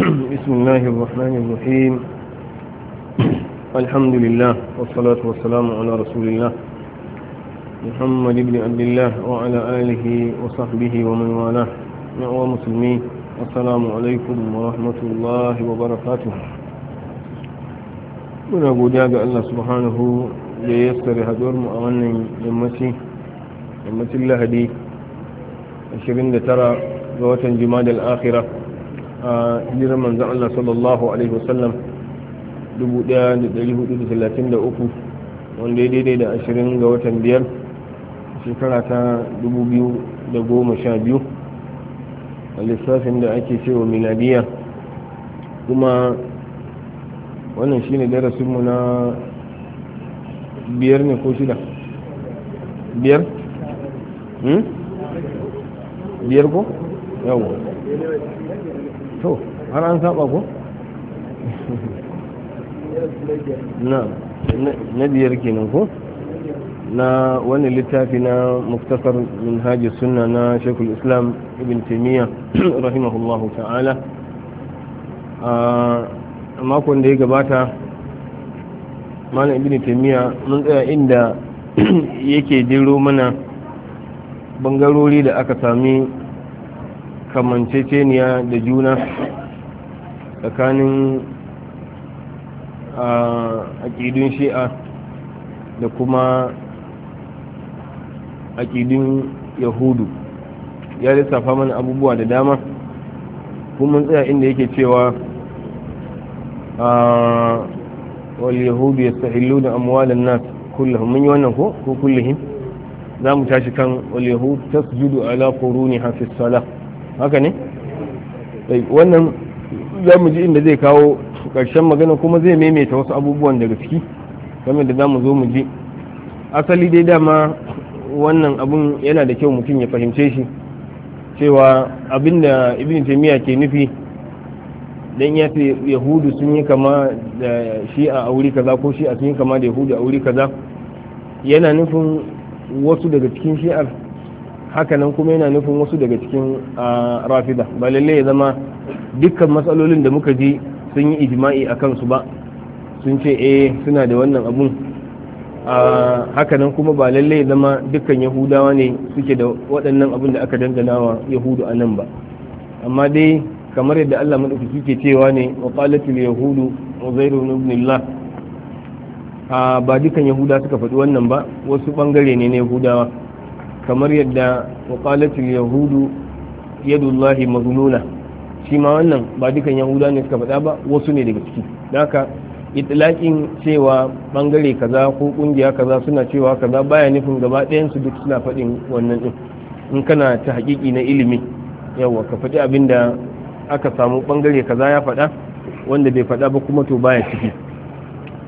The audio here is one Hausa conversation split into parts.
بسم الله الرحمن الرحيم الحمد لله والصلاة والسلام على رسول الله محمد بن عبد الله وعلى آله وصحبه ومن والاه نعوى مسلمين السلام عليكم ورحمة الله وبركاته من أبو داق الله سبحانه ليسر هدور مؤمن يمتي يمتي الله دي 29 ga watan jima'a da الآخرة a hijirar manzan Allah sallallahu alaihi wasallam 1433 wanda ya daidai da 20 ga watan biyar shekara ta 2012 a lissafin da ake cewa miladiya kuma wannan shine darasinmu na biyar ne ko shida biyar? Hmm? biyar ko? yawon to har an saba ko na na biyar kenan ko na wani littafi na muktasar min haji sunna na shekul islam ibn taimiyya rahimahullahu ta'ala a makon da ya gabata malam ibn taimiyya mun tsaya inda yake jiro mana bangarori da aka sami ceceniya da juna tsakanin a shi'a da kuma a yahudu ya lissafa mana abubuwa da dama kuma tsaya inda yake cewa a yahudu ya sa'ilu da amuwalin na kullum mun yi wannan ko kullum za mu tashi kan waliyahudu ta su judu ala ƙoruni hafi salah haka ne wannan za mu ji inda zai kawo ƙarshen magana kuma zai maimaita wasu abubuwan daga ciki game da za mu zo mu ji asali dai dama wannan abun yana da kyau mutum ya fahimce shi cewa abinda ibn taymiya ke nufi dan ya ce yahudu sun yi kama da shi a wuri kaza ko a sun yi kama da yahudu a wuri kaza yana nufin wasu daga cikin shi'ar hakanan kuma yana nufin wasu daga cikin rafida ba lalle ya zama dukkan matsalolin da muka ji sun yi ijma'i a kansu ba sun ce eh suna da wannan abun hakanan kuma ba lalle ya zama dukkan yahudawa ne suke da waɗannan abun da aka dangana wa yahudu a nan ba amma dai kamar yadda Allah maɗaukaki ke cewa ne wa yahudu uzairu ibn ba dukkan yahuda suka faɗi wannan ba wasu ɓangare ne na yahudawa kamar yadda muqalatul yahudu yadullahi magnuna shi ma wannan ba dukan yahuda ne suka faɗa ba wasu ne daga ciki haka itilakin cewa bangare kaza ko kungiya kaza suna cewa kaza baya nufin gaba ɗayan su duk suna faɗin wannan din in kana ta haƙiƙi na ilimi yawa ka faɗi abin da aka samu bangare kaza ya faɗa wanda bai faɗa ba kuma to baya ciki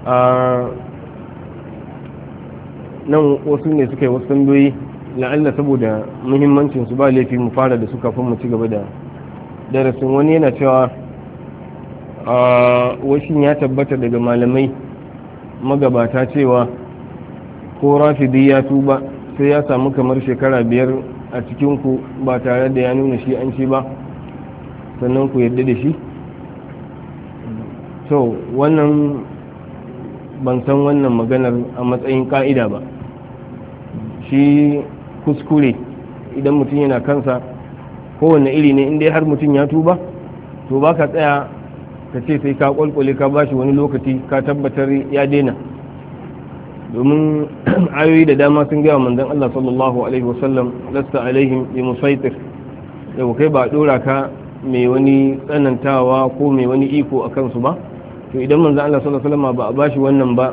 ah, nan wasu ne suka yi wasu tambayoyi la'alla saboda muhimmancin su ba laifi mu fara da su kafin mu ci gaba da darasin wani yana cewa a washin ya tabbata daga malamai magabata cewa ko rafidi ya tuba sai ya samu kamar shekara biyar a cikinku ba tare da ya nuna shi an ci ba sannan ku yarda da shi to wannan ban san wannan maganar a matsayin ka'ida ba shi kuskure idan mutum yana kansa kowane iri ne inda har mutum ya tuba to ba ka tsaya ka ce sai ka kwalkwale ka bashi wani lokaci ka tabbatar ya daina domin ayoyi da dama sun gaya manzon Allah sallallahu alaihi wasallam lasta alaihim bi musaitir da kai ba dora ka mai wani tsanantawa ko mai wani iko a kansu ba to idan manzon Allah sallallahu alaihi wasallam ba a bashi wannan ba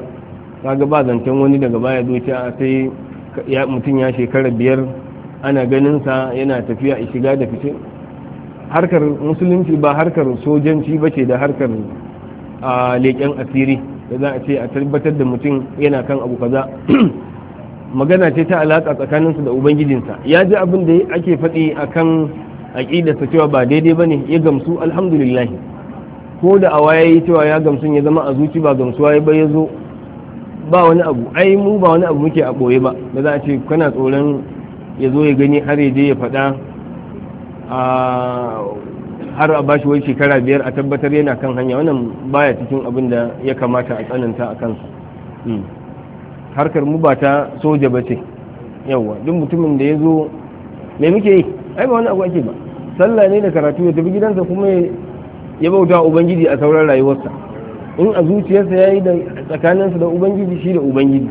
kaga ba zancen wani daga baya zuciya sai ya mutum ya shekara biyar ana ganinsa yana tafiya a shiga da fice harkar musulunci ba harkar sojanci ba ce da harkar leƙen asiri da za a ce a tabbatar da mutum yana kan abu kaza magana ce ta alaƙa tsakaninsa da ubangijinsa ya ji abin da ake faɗi a kan aƙidarsa cewa ba daidai ba ne ya gamsu alhamdulillahi ko da awa ya yi cewa ya gamsu ya zama a zuci ba gamsuwa ya bai ya zo ba wani abu ai mu ba wani abu muke a ɓoye ba da za a ce kana tsoron ya zo ya gani har ya je ya faɗa har a bashi wani shekara biyar a tabbatar yana kan hanya wannan baya cikin abin da ya kamata a tsananta a kansa hmm. harkar mu ba ta soja ba ce yawa duk mutumin da ya zo me muke yi ai ba wani abu ake ba sallah ne da karatu ya tafi gidansa kuma ya bauta ubangiji a sauran rayuwarsa in a zuciyarsa ya yi da tsakaninsa da ubangiji shi da ubangiji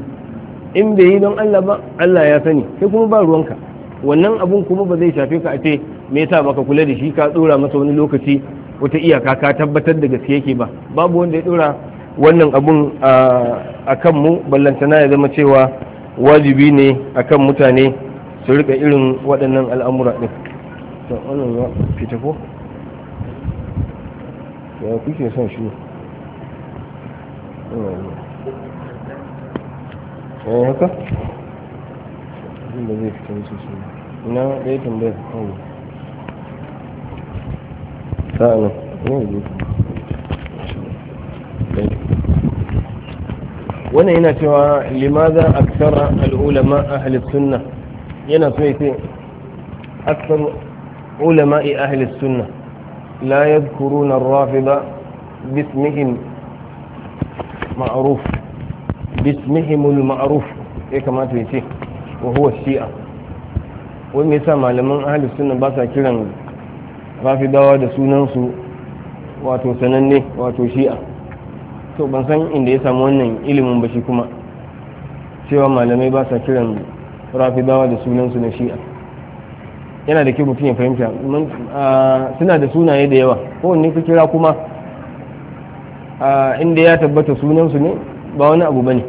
in bai yi don Allah ba Allah ya sani sai kuma ba ruwanka wannan abun kuma ba zai shafe ka a ce me yasa baka kula da shi ka tsora masa wani lokaci wata iyaka ka tabbatar da gaske yake ba babu wanda ya tsora wannan abun a kan mu ballantana ya zama cewa wajibi ne a kan mutane su rika irin waɗannan al'amura ɗin ya fita son shi eh haka da zai fita musu su na ɗaya tambayar kawai sa'anan ne zai wannan yana cewa limaza aksara al'ulama ahli sunna yana so yace aksar ulama'i ahli sunna la yadhkuruna ar-rafida bismihim ma'ruf باسمهم المعروف ya kamata ya ce wa huwa shi'a wani yasa malaman ahalus sunna ba sa kiran rafidawa da sunansu wato sananne wato shi'a to ban san inda ya samu wannan ilimin ba shi kuma cewa malamai ba sa kiran rafidawa da sunansu na shi'a yana da kyau mutum ya fahimta suna da sunaye da yawa ko kowanne ka kira kuma inda ya tabbata sunansu ne ba wani abu bane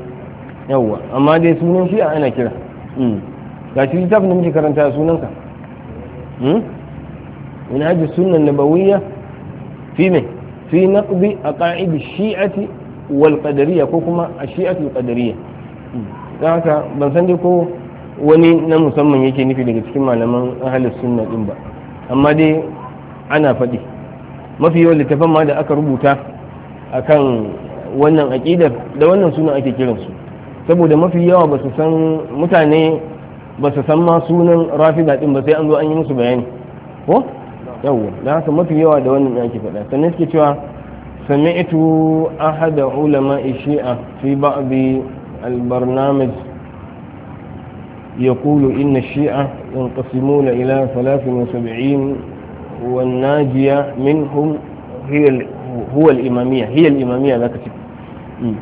yawwa amma dai sunan shi ana kira hmm. ga shi littafin da muke karanta sunanka hmm? min haji sunan nabawiyya fi ne fi naqdi aqaid shi'ati wal qadariyya ko kuma a shi'ati al qadariyya hmm. don haka ban san dai ko wani na musamman yake nufi daga cikin malaman ahalus sunna din ba amma dai ana faɗi mafi yawan littafan ma da aka rubuta akan wannan aƙidar da wannan sunan ake kiransu saboda mafi yawa ba su san mutane ba su san ma sunan rafida din ba sai an zo an yi musu bayani ko yawo da haka mafi yawa da wannan ake faɗa sannan suke cewa sami'tu ahada ulama shi'a fi ba'd al-barnamij يقول إن الشيعة ينقسمون إلى 73 والناجية منهم هي هو al هي hiya al-imamiyya zaka ci hmm.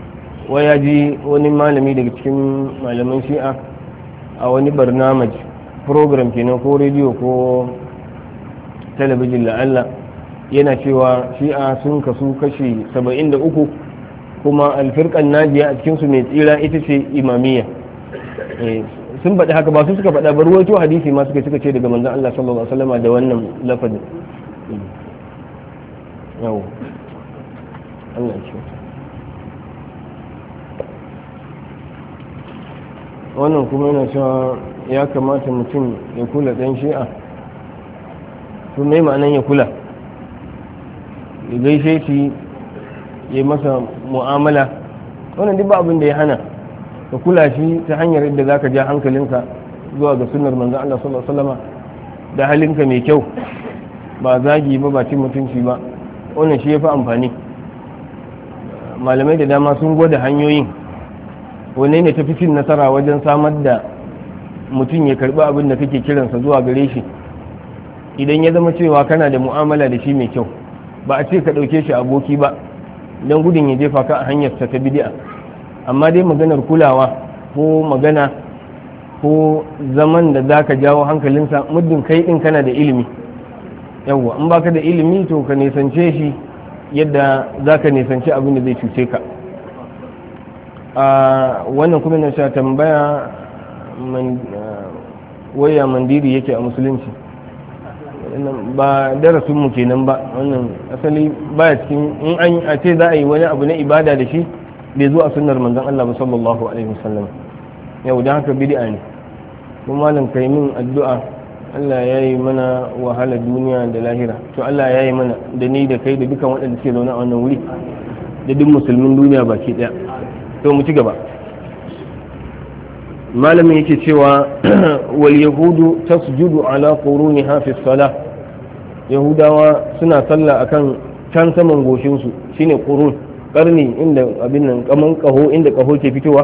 wai ya ji wani malami daga cikin malaman shi'a a wani barnamaj program kenan ko rediyo ko talabijin yana cewa shi'a sun kasu kashi 73 kuma alfirkan najiya a cikinsu mai tsira ita ce imamiyya eh, sun faɗi haka ba su suka faɗa ba ruwaito hadisi ma suka cika ce daga manzan Allah sallallahu alaihi wasallam da wannan lafazin hmm. wannan kuma yana cewa ya kamata mutum ya kula ɗan shi'a to mai ma'anan ya kula ya gaishe shi ya masa mu'amala wannan duk abin da ya hana ka kula shi ta hanyar yadda za ka ja hankalinka zuwa ga sunar manzan Allah sallallahu alaihi da halinka mai kyau ba zagi ba ba cin mutunci ba wannan shi ya fi amfani malamai da dama sun gwada hanyoyin wane ne tafi cin nasara wajen samar da mutum ya karbi abin da kake kiransa zuwa gare shi idan ya zama cewa kana da mu'amala da shi mai kyau ba a ce ka ɗauke shi aboki ba don gudun ya jefa ka a hanyar ta ta bidi'a amma dai maganar kulawa ko magana ko zaman da za ka jawo hankalinsa muddin kai ɗin kana da ilimi yawwa in baka da ilimi to ka nisance shi yadda za ka nisanci abin da zai cuce ka a wannan kuma na sha tambaya waya mandiri yake a musulunci ba darasinmu kenan ba wannan asali baya cikin in an a ce za a yi wani abu na ibada da shi bai zo a sunnar manzon Allah ba sallallahu alaihi wasallam yau don haka bid'a ne kuma malam kai min addu'a Allah ya yi mana wahala duniya da lahira to Allah ya yi mana da ni da kai da dukan waɗanda suke zaune a wannan wuri da duk musulmin duniya baki ɗaya to mu ci gaba malamin yake cewa wal yahudu tasjudu ala quruniha fi salah yahudawa suna sallah akan can saman goshin su shine qurun karni inda abin nan kaman kaho inda kaho ke fitowa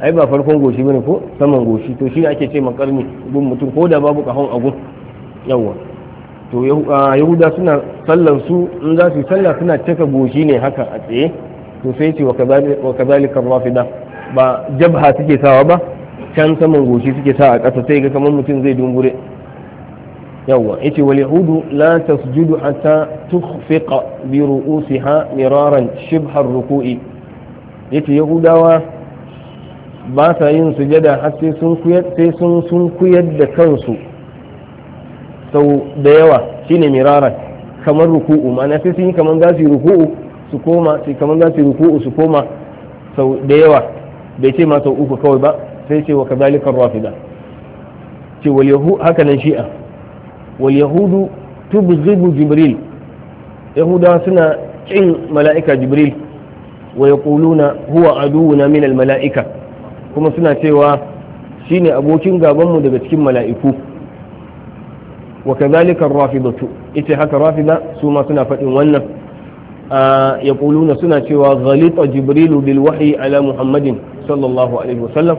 ai ba farkon goshi bane ko saman goshi to shi ake ce makarni gun mutum ko da babu kahon a gun yawa to yahuda suna sallan su in za su sallah suna cika goshi ne haka a tsaye to sai ce wa kazalika rafida ba jabha suke sawa ba can saman goshi suke sa a ƙasa sai ga kamar mutum zai dungure yawa yace wal yahudu la tasjudu hatta tukhfiqa bi ru'usiha miraran shibha ruku'i yace yahudawa ba sa yin sujada har sai sun sai sun sun kuyar da kansu sau da yawa shine miraran kamar ruku'u ma'ana sai sun yi kamar za su yi ruku'u su koma sai kamar za su yi ruku'u su koma sau da yawa bai ce ma sau uku kawai ba sai ce wa kazalika rafida ce wal yahu haka nan shi'a wal yahudu tubghibu jibril yahuda suna kin mala'ika jibril wa yaquluna huwa aduwuna min al mala'ika kuma suna cewa shine abokin gabanmu daga cikin mala'iku wa kazalika rafidatu ita haka rafida su ma suna faɗin wannan ya ƙuluna suna cewa ghalita jibrilu bil wahi ala muhammadin sallallahu alaihi wasallam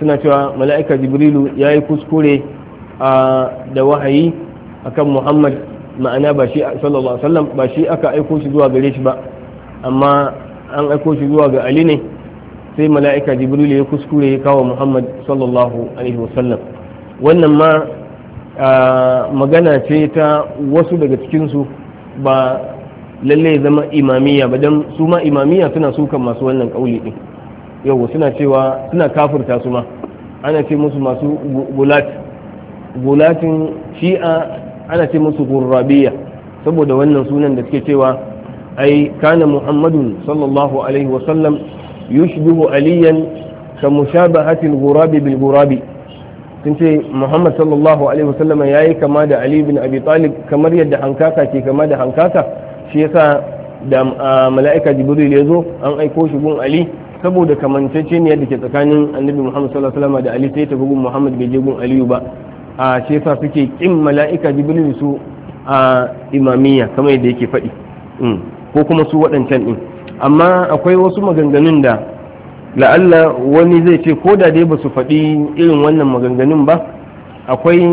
suna cewa mala'ika jibrilu ya yi kuskure da wahayi akan muhammad ma'ana ba shi sallallahu alaihi wasallam ba shi aka aiko shi zuwa gare shi ba amma an aiko shi zuwa ga ali ne sai mala'ika jibril ya kuskure ya kawo muhammad sallallahu alaihi wasallam wannan ma magana ce ta wasu daga cikinsu ba lallai zama imamiya ba don su ma imamiya suna sukan masu wannan kauli din yau suna cewa suna kafurta su ma ana ce musu masu gulat gulatin shi'a ana ce musu gurrabiya saboda wannan sunan da suke cewa ai kana muhammadun sallallahu alaihi wasallam yushbihu aliyan ka mushabahatil gurabi bil sun ce muhammad sallallahu alaihi wasallama ya yi kama da ali bin abi talib kamar yadda hankaka ke kama da hankaka shi yasa da mala'ika jibril ya zo an aiko shi gun ali saboda kamanceceniyar da ke tsakanin annabi muhammad sallallahu alaihi wasallama da ali sai ta gun muhammad bai je gun aliyu ba a shi yasa suke kin mala'ika jibril su a imamiyya kamar yadda yake faɗi mm. ko kuma su waɗancan ɗin amma akwai wasu maganganun da la'alla wani zai ce ko da dai ba su faɗi irin wannan maganganun ba akwai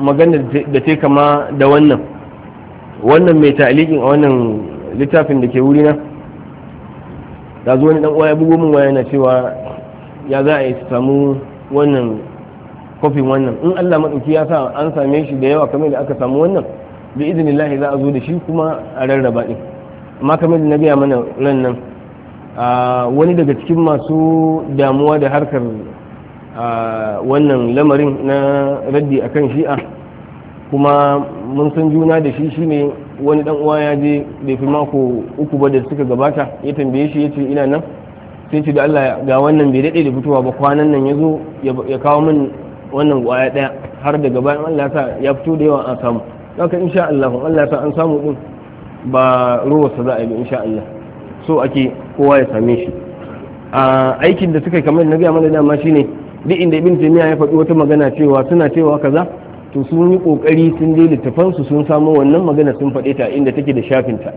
magana da ta kama da wannan wannan mai ta'alikin a wannan littafin da ke wurina da zuwa dan uwa ya bugo min waya na cewa ya za a yi su samu wannan kofin wannan in Allah maɗauki ya sa an same shi da yawa kamar da aka samu wannan bi idinillahi za a zo da shi kuma a rarraba ɗin makamai da na gaya mana nan nan wani daga cikin masu damuwa da harkar wannan lamarin na raddi akan shi'a kuma mun san juna da shi shi ne wani dan uwa ya je bai fi mako uku ba da suka gabata ya tambaye shi ya ce ina nan sai ce da Allah ga wannan bai daɗe da fitowa ba kwanan nan ya zo ya kawo min wannan kwaya daya har daga bayan Allah ya fito da yawa an samu haka insha Allah Allah ya sa an samu din ba ruwarsa za a yi insha Allah so ake kowa ya same shi a aikin da suka yi kamar na gaya mana dama shine duk inda ibn taymiya ya faɗi wata magana cewa suna cewa kaza to sun yi kokari sun je littafan su sun samo wannan magana sun faɗe ta inda take da shafin ta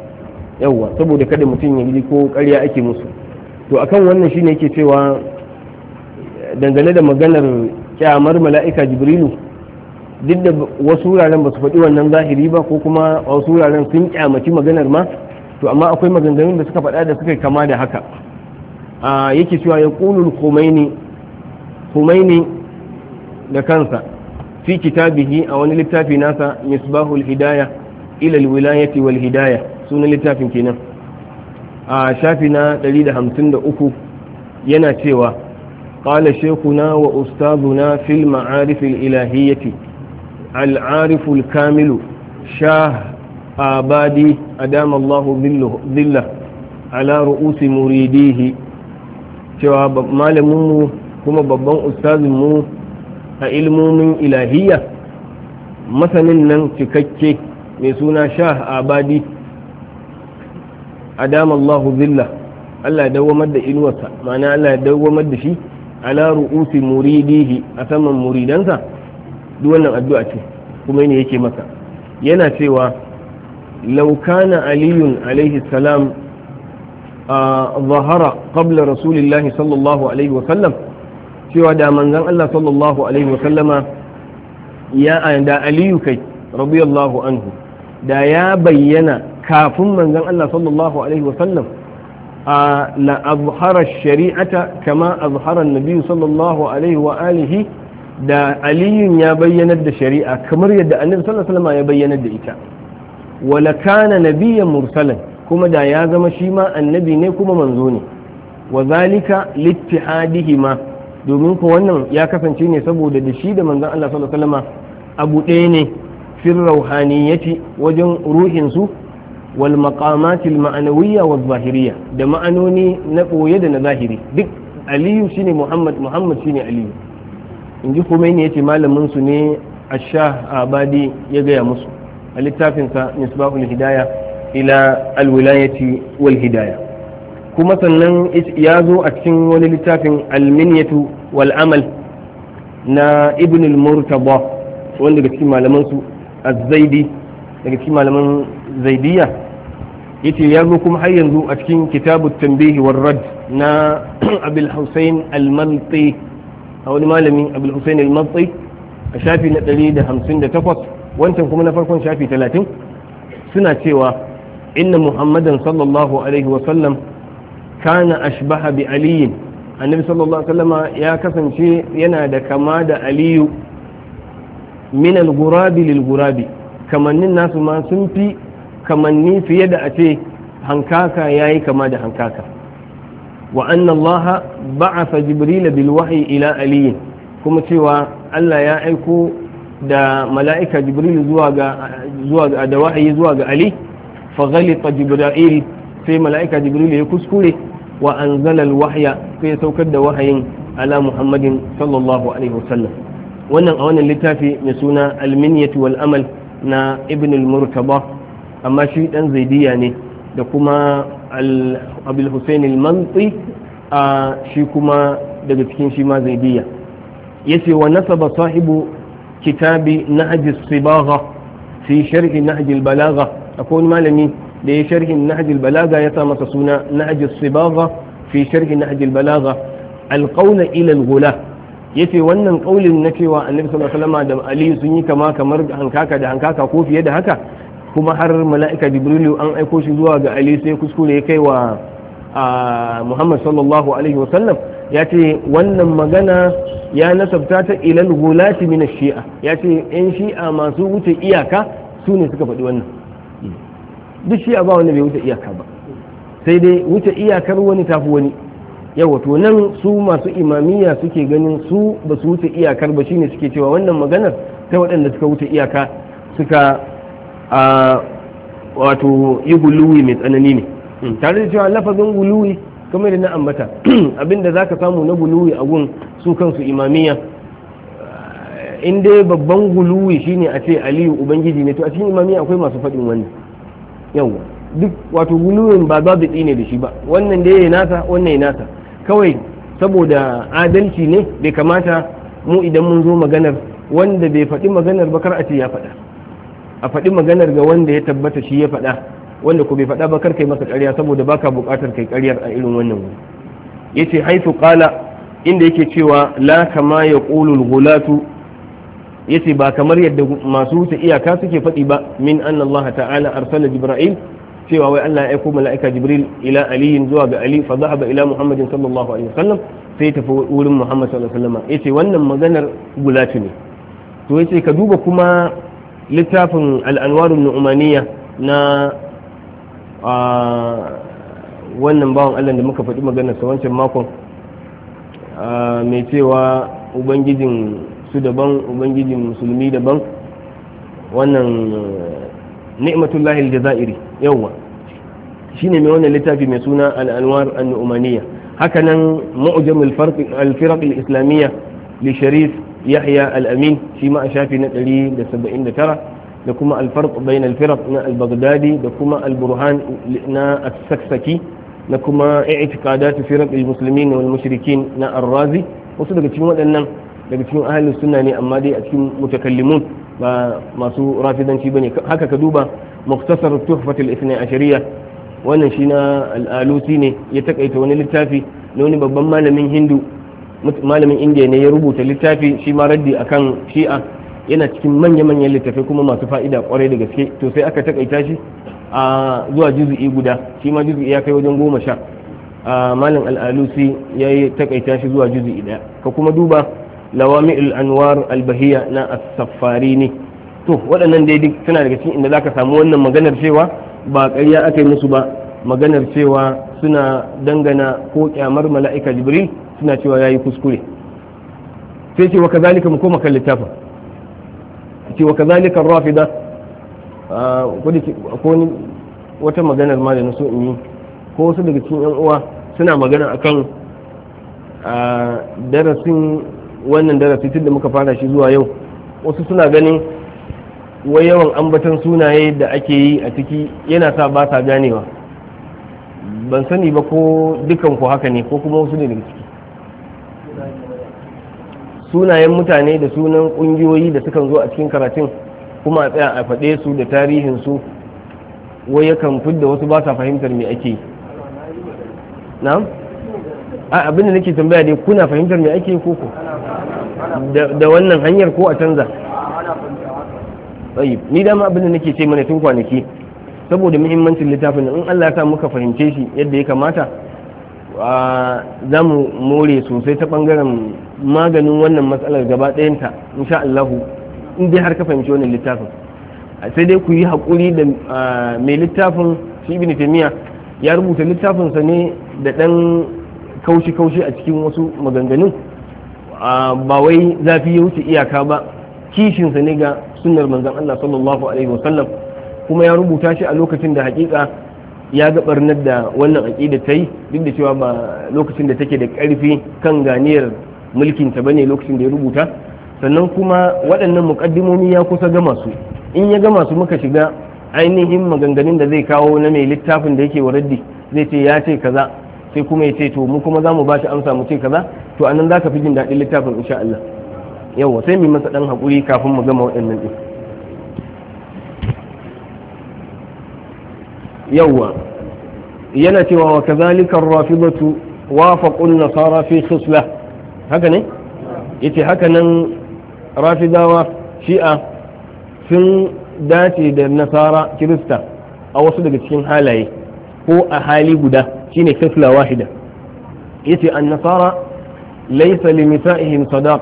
yawwa saboda kada mutum ya yi ko ƙarya ake musu to akan wannan shine yake cewa dangane da maganar kyamar mala'ika jibrilu duk da wasu wuraren ba su faɗi wannan zahiri ba ko kuma wasu wuraren sun kyamaci maganar ma to amma akwai maganganun da suka faɗa da suka kama da haka yake cewa ya ƙulul kumaini da kansa fi kitabihi a wani littafi nasa misbahul hidaya ilal wilayati wal hidaya sunan littafin kenan a shafi na 153 yana cewa قال شيخنا وأستاذنا في المعارف الإلهية al'ariful kamilu shah abadi adama allahu billah ala ru'usi muridihi cewa malaminmu kuma babban ustazinmu a ilmomin ilahiyya masanin nan cikakke mai suna shah abadi adama allahu billah allah dawamar da inuwarsa ma'ana allah dawamar da shi ala ru'usi muridihi a saman muridansa duk wannan addu'a ce kuma ne yake maka yana cewa laukana aliyun alaihi salam a zahara qabla rasulillahi sallallahu alaihi wasallam cewa da manzan Allah sallallahu alaihi wasallama ya da aliyu kai radiyallahu anhu da ya bayyana kafin manzan Allah sallallahu alaihi wasallam a la shari'ata kama azhara an-nabi sallallahu alaihi wa alihi da aliyun ya bayyanar da shari'a kamar yadda annabi sallallahu alaihi wasallam ya bayyanar da ita wala kana nabiyyan mursalin kuma da ya zama shi ma annabi ne kuma manzo ne wa zalika littihadihima domin ko wannan ya kasance ne saboda da shi da manzon Allah sallallahu alaihi wasallam abu ɗaya ne fil rauhaniyati wajen ruhin su wal maqamatil ma'anawiyya wal zahiriyya da ma'anoni na boye da na zahiri duk aliyu shine muhammad muhammad shine aliyu in ji khomeini ya ce malamin su ne ashah abadi ya gaya musu a littafinsa nisbahul hidaya ila alwilayati wal hidaya kuma sannan ya zo a cikin wani littafin alminiyatu wal amal na ibn al-murtaba wanda daga cikin malaman su az-zaidi daga cikin malaman zaidiya yace ya zo kuma har yanzu a cikin kitabu tambihi war rad na abul husain al a wani malami abul husain al-matsi a shafi na 158 wancan kuma na farkon shafi 30 suna cewa inna muhammadan sallallahu alaihi wa sallam kana ashbaha bi aliyin annabi sallallahu alaihi wa sallam ya kasance yana da kama da aliyu min al-gurabi lil-gurabi kamannin nasu ma sun fi kamanni fiye da a ce hankaka yayi kama da hankaka wa anna allaha ba'atha jibril bil ila ali kuma cewa Allah ya aiko da mala'ika jibril zuwa ga zuwa da wahayi ali fa ghalita sai mala'ika jibril ya kuskure wa anzala al wahya sai ya saukar da wahayin ala muhammadin sallallahu alaihi wasallam wannan a wannan littafi mai suna alminiyatu wal amal na ibn murtaba amma shi dan zaidiya ne da kuma abul hussein al-mantsi a shi kuma daga cikin shi ma zaidiya yace wa nasaba sahibu kitabi nahj as-sibagha fi sharh nahj al-balagha akwai malami da ya sharhin nahj al-balagha ya sa masa suna nahj as-sibagha fi sharhi nahj al-balagha al-qawl ila al-ghula yace wannan kaulin na cewa annabi sallallahu alaihi wasallam da ali sun yi kama kamar hankaka da hankaka ko fiye da haka kuma har mala'ika jibrilu an aiko shi zuwa ga ali sai kuskure ya kai wa muhammad sallallahu alaihi wasallam ya ce wannan magana ya nasabta ta ilal gulati min shi'a ya ce yan shi'a masu wuce iyaka su ne suka faɗi wannan duk shi'a ba wanda bai wuce iyaka ba sai dai wuce iyakar wani tafi wani yawa to nan su masu imamiya suke ganin su ba su wuce iyakar ba shine suke cewa wannan maganar ta waɗanda suka wuce iyaka suka a wato yi guluwi mai tsanani ne hmm. tare da cewa lafazin guluwi kamar da na ambata abinda za ka samu na huluwi a gun su kansu imamiya in dai babban guluwi shine a ce aliyu ubangiji ne to a cikin imamiya akwai masu faɗin wannan yawa duk wato huluwin ba babu ne da shi ba wannan da ya nasa wannan ya nasa kawai saboda adalci ne bai kamata mu idan mun zo maganar wanda bai faɗi maganar ba kar a ce ya faɗa a faɗi maganar ga wanda ya tabbata shi ya faɗa wanda ku bai faɗa ba kar kai masa ƙarya saboda baka buƙatar kai karyar a irin wannan wuri ce haifu ƙala inda yake cewa la kama yaqulu al-ghulatu yace ba kamar yadda masu wuce iyaka suke faɗi ba min anna Allah ta'ala arsala jibra'il cewa wai Allah ya aiko mala'ika Jibril ila Ali zuwa ga Ali fa zahaba ila Muhammadin sallallahu alaihi wasallam sai tafi wurin Muhammad sallallahu alaihi wasallam yace wannan maganar gulatu ne to yace ka duba kuma littafin al'anwarun nu'umaniya na wannan bawan allah da muka faɗi maganarsa wancan makon mai cewa ubangijin su daban ubangijin musulmi daban wannan ni'matullahi aljazairi yawwa shine mai wannan littafi mai suna al'anwar annu'umaniya hakanan mu'jam al-firaq islamiyya li sharif yahya al-amin shi ma a shafi na 179 da kuma al-farq bain al na al-baghdadi da kuma al-burhan na as-saksaki na kuma i'tiqadat firq al-muslimin wal mushrikin na ar wasu daga cikin waɗannan daga cikin ahlus sunna amma dai a cikin mutakallimun ba masu rafidanci ne haka ka duba muktasar tuhfatul ithnai ashariya wannan shi na al ne ya takaita wani littafi na babban malamin hindu malamin indiya ne ya rubuta littafi shi ma raddi akan shi'a yana cikin manya-manyan littafai kuma masu fa'ida kwarai da gaske to sai aka takaita shi a zuwa juzu'i guda shi ma juzu'i ya kai wajen goma sha malam al'alusi ya yi takaita shi zuwa juzu'i daya ka kuma duba lawami anwar albahiya na asafari ne to waɗannan dai duk suna daga cikin inda zaka samu wannan maganar cewa ba ƙarya aka yi musu ba maganar cewa suna dangana ko kyamar mala'ika jibril suna cewa ya yi kuskure sai ce wa kazalika mu koma kan littafin ce wa kazalika rafida ko ni wata maganar ma da na so in yi ko wasu daga cikin yan uwa suna magana akan darasin wannan darasi tun da muka fara shi zuwa yau wasu suna ganin wai yawan ambatan sunaye da ake yi a ciki yana sa ba sa ganewa ban sani ba ko dukan ku haka ne ko kuma wasu ne daga sunayen mutane da sunan ƙungiyoyi da sukan zo a cikin karatun kuma a tsaya a faɗe su da tarihin su wai yakan fidda wasu ba sa fahimtar me ake na'am a abinda nake tambaya dai kuna fahimtar me ake ko ko da wannan hanyar ko a canza tsayi ni dama abinda nake ce mana tun kwanaki saboda muhimmancin littafin in Allah ya sa muka fahimce shi yadda ya kamata za mu more sosai ta bangaren maganin wannan matsalar gaba ɗayanta insha Allahu in dai har ka fahimci wannan littafin sai dai ku yi haƙuri da mai littafin shi ibn taymiya ya rubuta littafinsa ne da ɗan kaushi-kaushi a cikin wasu maganganun ba wai zafi ya wuce iyaka ba kishinsa ne ga sunnar manzon Allah sallallahu alaihi wasallam kuma ya rubuta shi a lokacin da hakika ya ga barnar da wannan aƙida ta yi duk da cewa ba lokacin da take da ƙarfi kan ganiyar mulkin ta ne lokacin da ya rubuta sannan kuma waɗannan muƙaddimomi ya kusa gama su in ya gama su muka shiga ainihin maganganun da zai kawo na mai littafin da yake waraddi zai ce ya ce kaza sai kuma ya ce to mu kuma za mu ba amsa mu ce kaza to anan za ka fi jin daɗin littafin insha Allah yawa sai mu yi masa ɗan haƙuri kafin mu gama waɗannan ɗin yawwa yana cewa wa kazalika rafidatu wafaqun nasara fi khisla haka ne yace haka nan rafidawa shi'a sun dace da nasara kirista a wasu daga cikin halaye ko a hali guda shine khisla wahida yace an nasara laysa li nisa'ihim sadaq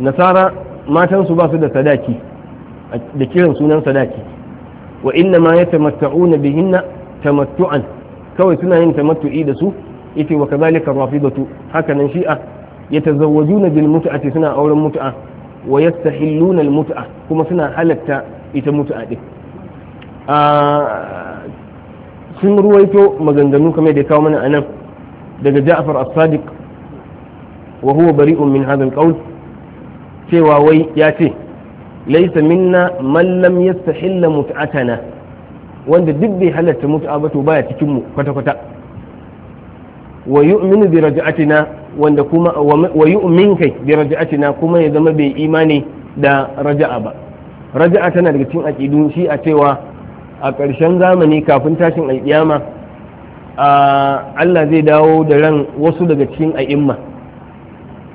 nasara matansu ba su da sadaki da kiran sunan sadaki wa inna ma ya na bihinna tamattu'an kawai suna yin tamattu'i da su ita wa kadhalika rafidatu haka nan shi'a yatazawwajuna bil mut'ati suna auren mut'a wa yastahilluna al mut'a kuma suna halatta ita mut'a din sun ruwaito maganganu kamar da kawo mana anan daga Ja'far as-Sadiq wa huwa bari'un min hadha al-qawl cewa wai ya ce laisa minna man lam yastahilla mut'atana wanda duk bai halatta mut'a ba to baya cikin mu kwata kwata wa yu'minu bi raj'atina wanda kuma wa yu'min kai bi raj'atina kuma ya zama bai imani da raja'a ba raja'a tana daga cikin aqidu shi a cewa a ƙarshen zamani kafin tashin alƙiyama Allah zai dawo da ran wasu daga cikin a'imma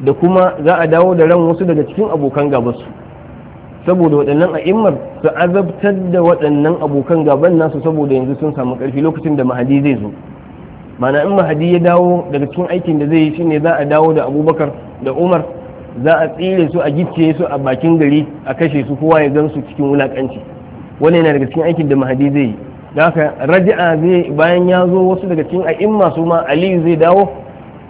da kuma za a dawo da ran wasu daga cikin abokan gabasu saboda waɗannan a'immar su azabtar da waɗannan abokan gaban nasu saboda yanzu sun samu ƙarfi lokacin da mahadi zai zo mana in mahadi ya dawo daga cikin aikin da zai yi shine za a dawo da abubakar da umar za a tsire su a gicciye su a bakin gari a kashe su kowa ya gansu cikin wulakanci wani yana daga cikin aikin da mahadi zai yi da haka raja'a zai bayan ya zo wasu daga cikin a'imma su ma aliyu zai dawo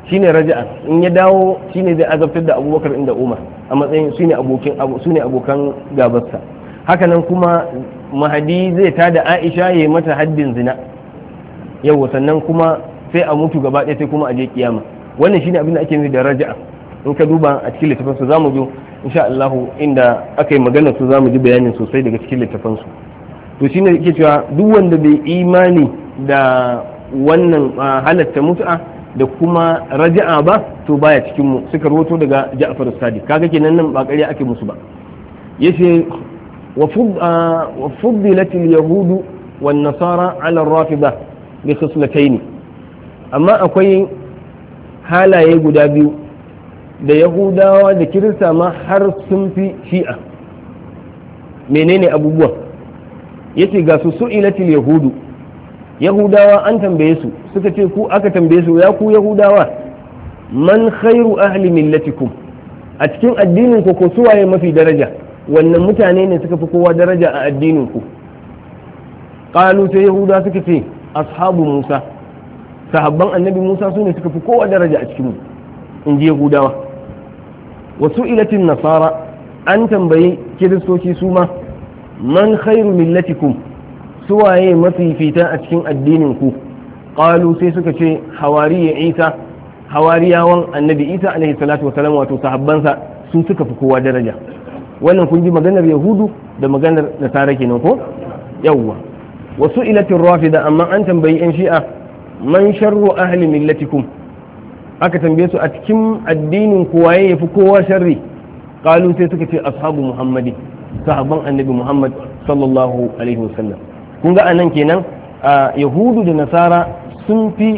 shine raja'a in ya dawo shine zai azabtar da abubakar inda umar a matsayin shine abokin sune abokan gabarsa hakanan kuma mahadi zai da aisha ya mata haddin zina yau sannan kuma sai a mutu gaba ɗaya sai kuma a je kiyama wannan shine abin da ake nufi da raja'a in ka duba a cikin littafin su zamu ji insha Allah inda aka yi magana su zamu ji bayanin sosai daga cikin littafin su to shine yake cewa duk wanda bai imani da wannan halatta mutu'a. da kuma raja'a ba to baya cikin mu suka rawato daga Ja'far Sadiq kaga kenan nan ba ƙarya ake musu ba yace wa fuddilat al-yahud wan nasara ala ar-rafida bi khislatayn amma akwai halaye guda biyu da yahudawa da kirista ma har sun fi shi'a menene abubuwa yace ga su su'ilatil yahudu yahudawa an tambaye su suka ce ku aka tambaye su ya ku yahudawa man khairu ahli millatikum a cikin addinin ku ko suwaye mafi daraja wannan mutane ne suka fi kowa daraja a addinin ku qalu sai yahuda suka ce ashabu musa sahabban annabi musa su ne suka fi kowa daraja a cikin mu in ji yahudawa wasu su'ilatin nasara an tambayi kiristoci su ma man khairu millatikum suwaye fita a cikin addinin ku qalu sai suka ce hawariya isa hawariyawan annabi isa alaihi salatu wasalam wato sahabbansa suka fi kowa daraja wannan kun ji maganar yahudu da maganar nasara kenan ko yawwa wasu ilatin rafida amma an tambayi yan shi'a man sharru ahli millatikum aka tambaye su a cikin addinin waye ya fi kowa sharri kalu sai suka ce ashabu muhammadin sahabban annabi muhammad sallallahu alaihi wasallam kun ga anan kenan yahudu da nasara sun fi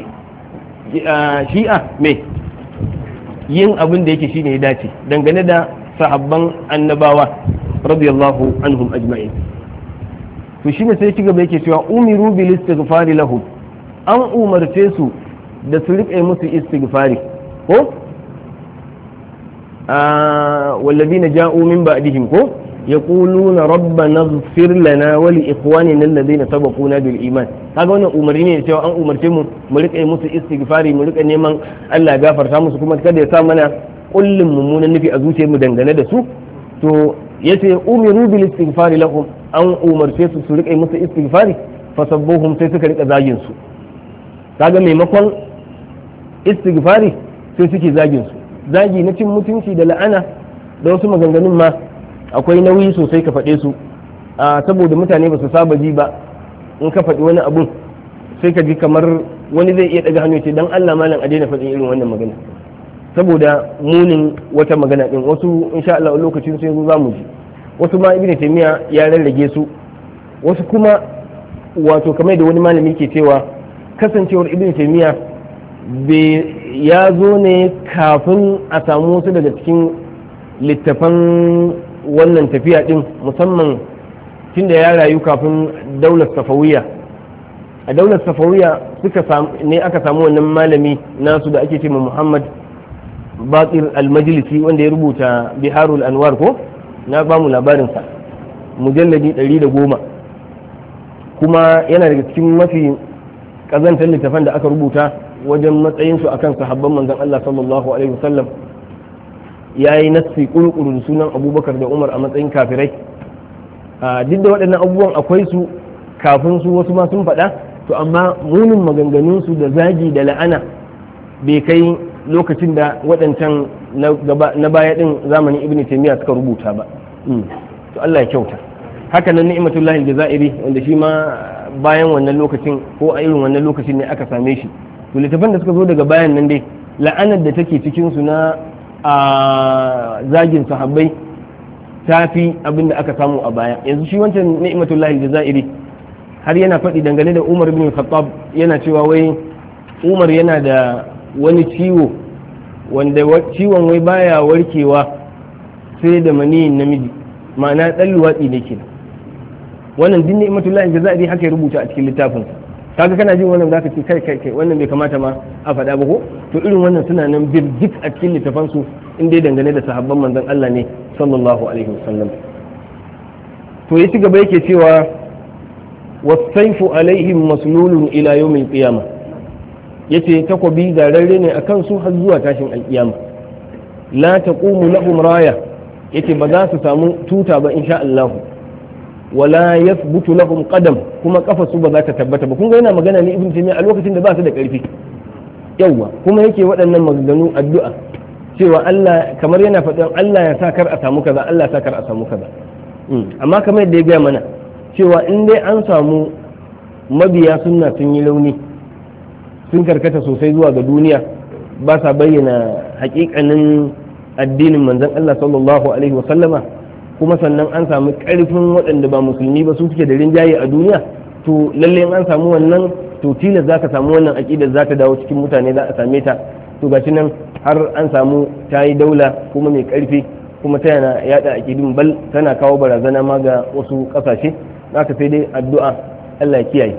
shi'a mai yin abin da yake ne ya dace dangane da sahabban annabawa radiyallahu anhum ajma'in to ne sai ci gaba yake cewa umiru bil istighfari lahum an umarce su da su riƙe musu istighfari ko والذين ja'u min ba'dihim ko ya yaquluna rabbana ighfir lana wa li ikhwanina alladhina sabaquna bil iman kaga wannan umarni ne cewa an umarce mu mu rika musu istighfari mu rika neman Allah ya gafarta musu kuma kada ya sa mana kullum mummunan nufi a mu dangane da su to yace umiru bil istighfari lahum an umarce su su rika musu istighfari fasabbuhum sai suka rika zagin su kaga maimakon istighfari sai suke zagin su zagi na cin mutunci da la'ana da wasu maganganun ma akwai nauyi sosai ka faɗe su saboda mutane ba su saba ji ba in ka faɗi wani abun sai ka ji kamar wani zai iya ɗaga hannu ce dan Allah malam a daina faɗin irin wannan magana saboda munin wata magana din wasu insha Allah lokacin sai zo zamu ji wasu ma ibnu taymiya ya rarrage su wasu kuma wato kamar da wani malami ke cewa kasancewar ibnu taymiya ya zo ne kafin a samu wasu daga cikin littafan wannan tafiya din musamman tun da ya rayu kafin daular safawiya a daular safawiya ne aka samu wannan malami nasu da ake ce ma muhammad al almajlisi wanda ya rubuta biharul anwar ko na ba mu labarinsa mujalladi 110 kuma yana daga cikin mafi kazantar littafan da aka rubuta wajen matsayinsu akan sahabban manzon allah sallallahu alaihi wasallam ya yi nassi kurukuru sunan abubakar da umar a matsayin kafirai duk da waɗannan abubuwan akwai su kafin su wasu ma sun faɗa to amma munin maganganunsu da zagi da la'ana bai kai lokacin da waɗancan na baya ɗin zamanin ibn taimiyya suka rubuta ba mm. to allah ya kyauta haka nan ni'matullahi jazairi wanda shi ma bayan wannan lokacin ko a irin wannan lokacin ne aka same shi to littafin da suka zo daga bayan nan dai la'anar da take cikin su na a zagin sahabbai ta fi abin da aka samu a baya yanzu shi wancan ni'matullahi jazairi har yana faɗi dangane da umar bin khattab yana cewa wai umar yana da wani ciwo wanda ciwon wai baya warkewa sai da maniyin namiji ma'ana ɗan luwaɗi ne ke wannan din ni'matullahi jazairi haka ya rubuta a cikin littafinsa kaga kana jin wannan zaka ce kai kai kai wannan bai kamata ma a faɗa ba ko to irin wannan suna nan birjik a cikin littafan su in dai dangane da sahabban manzon Allah ne sallallahu alaihi wasallam to ya ci gaba yake cewa wasaifu alaihim maslulun ila yawmil qiyamah yace takobi zararre ne akan su har zuwa tashin alkiyama la taqumu lahum raya yace ba za su samu tuta ba insha Allah wala mutu lahum qadam kuma kafa su ba za ta tabbata ba kun ga yana magana ne ibn taymiya a lokacin da ba su da karfi yawa kuma yake waɗannan maganganu addu'a cewa Allah kamar yana faɗin Allah ya sa a samu kaza Allah ya sa a samu kaza hmm, amma kamar yadda ya gaya mana cewa in dai an samu mabiya sunna sun yi launi sun karkata sosai zuwa ga duniya ba sa bayyana hakikanin addinin manzon Allah sallallahu alaihi wa sallama kuma sannan an samu karfin waɗanda ba musulmi ba su suke da rinjaye a duniya to lalle an samu wannan to tilas za ka samu wannan aƙidar za ta dawo cikin mutane za a same ta to gashi nan har an samu ta yi daula kuma mai karfi kuma ta yana yada aƙidin bal tana kawo barazana ma ga wasu ƙasashe haka sai dai addu'a Allah ya kiyaye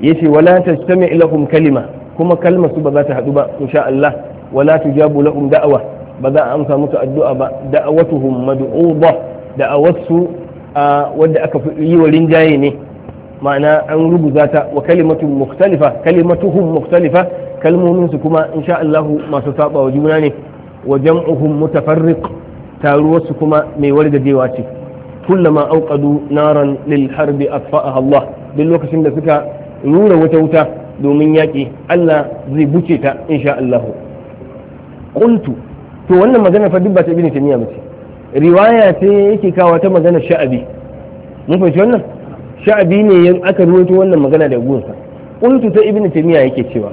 yace wala tajtami lakum kalima kuma kalma su ba za ta haɗu ba insha Allah wala tujabu lakum da'awa ba za a amsa musu addu'a ba da'awatuhum mad'uba da'awatsu wadda aka fi yi wa rinjaye ne ma'ana an rubuta ta wa kalimatu mukhtalifa kalimatuhum mukhtalifa kalmomin su kuma insha Allah masu saba wa juna ne wa jam'uhum mutafarriq taruwar su kuma mai wargajewa ce kullama auqadu naran lil harbi atfa'aha Allah duk lokacin da suka rura wata wuta domin yaƙi Allah zai buce ta insha Allah qultu to wannan magana fa duk ba ta ibn taymiya ba ce riwaya ce yake kawo ta magana sha'abi mun fahimci wannan sha'abi ne aka ruwaito wannan magana da gunsa qultu ta ibn taymiya yake cewa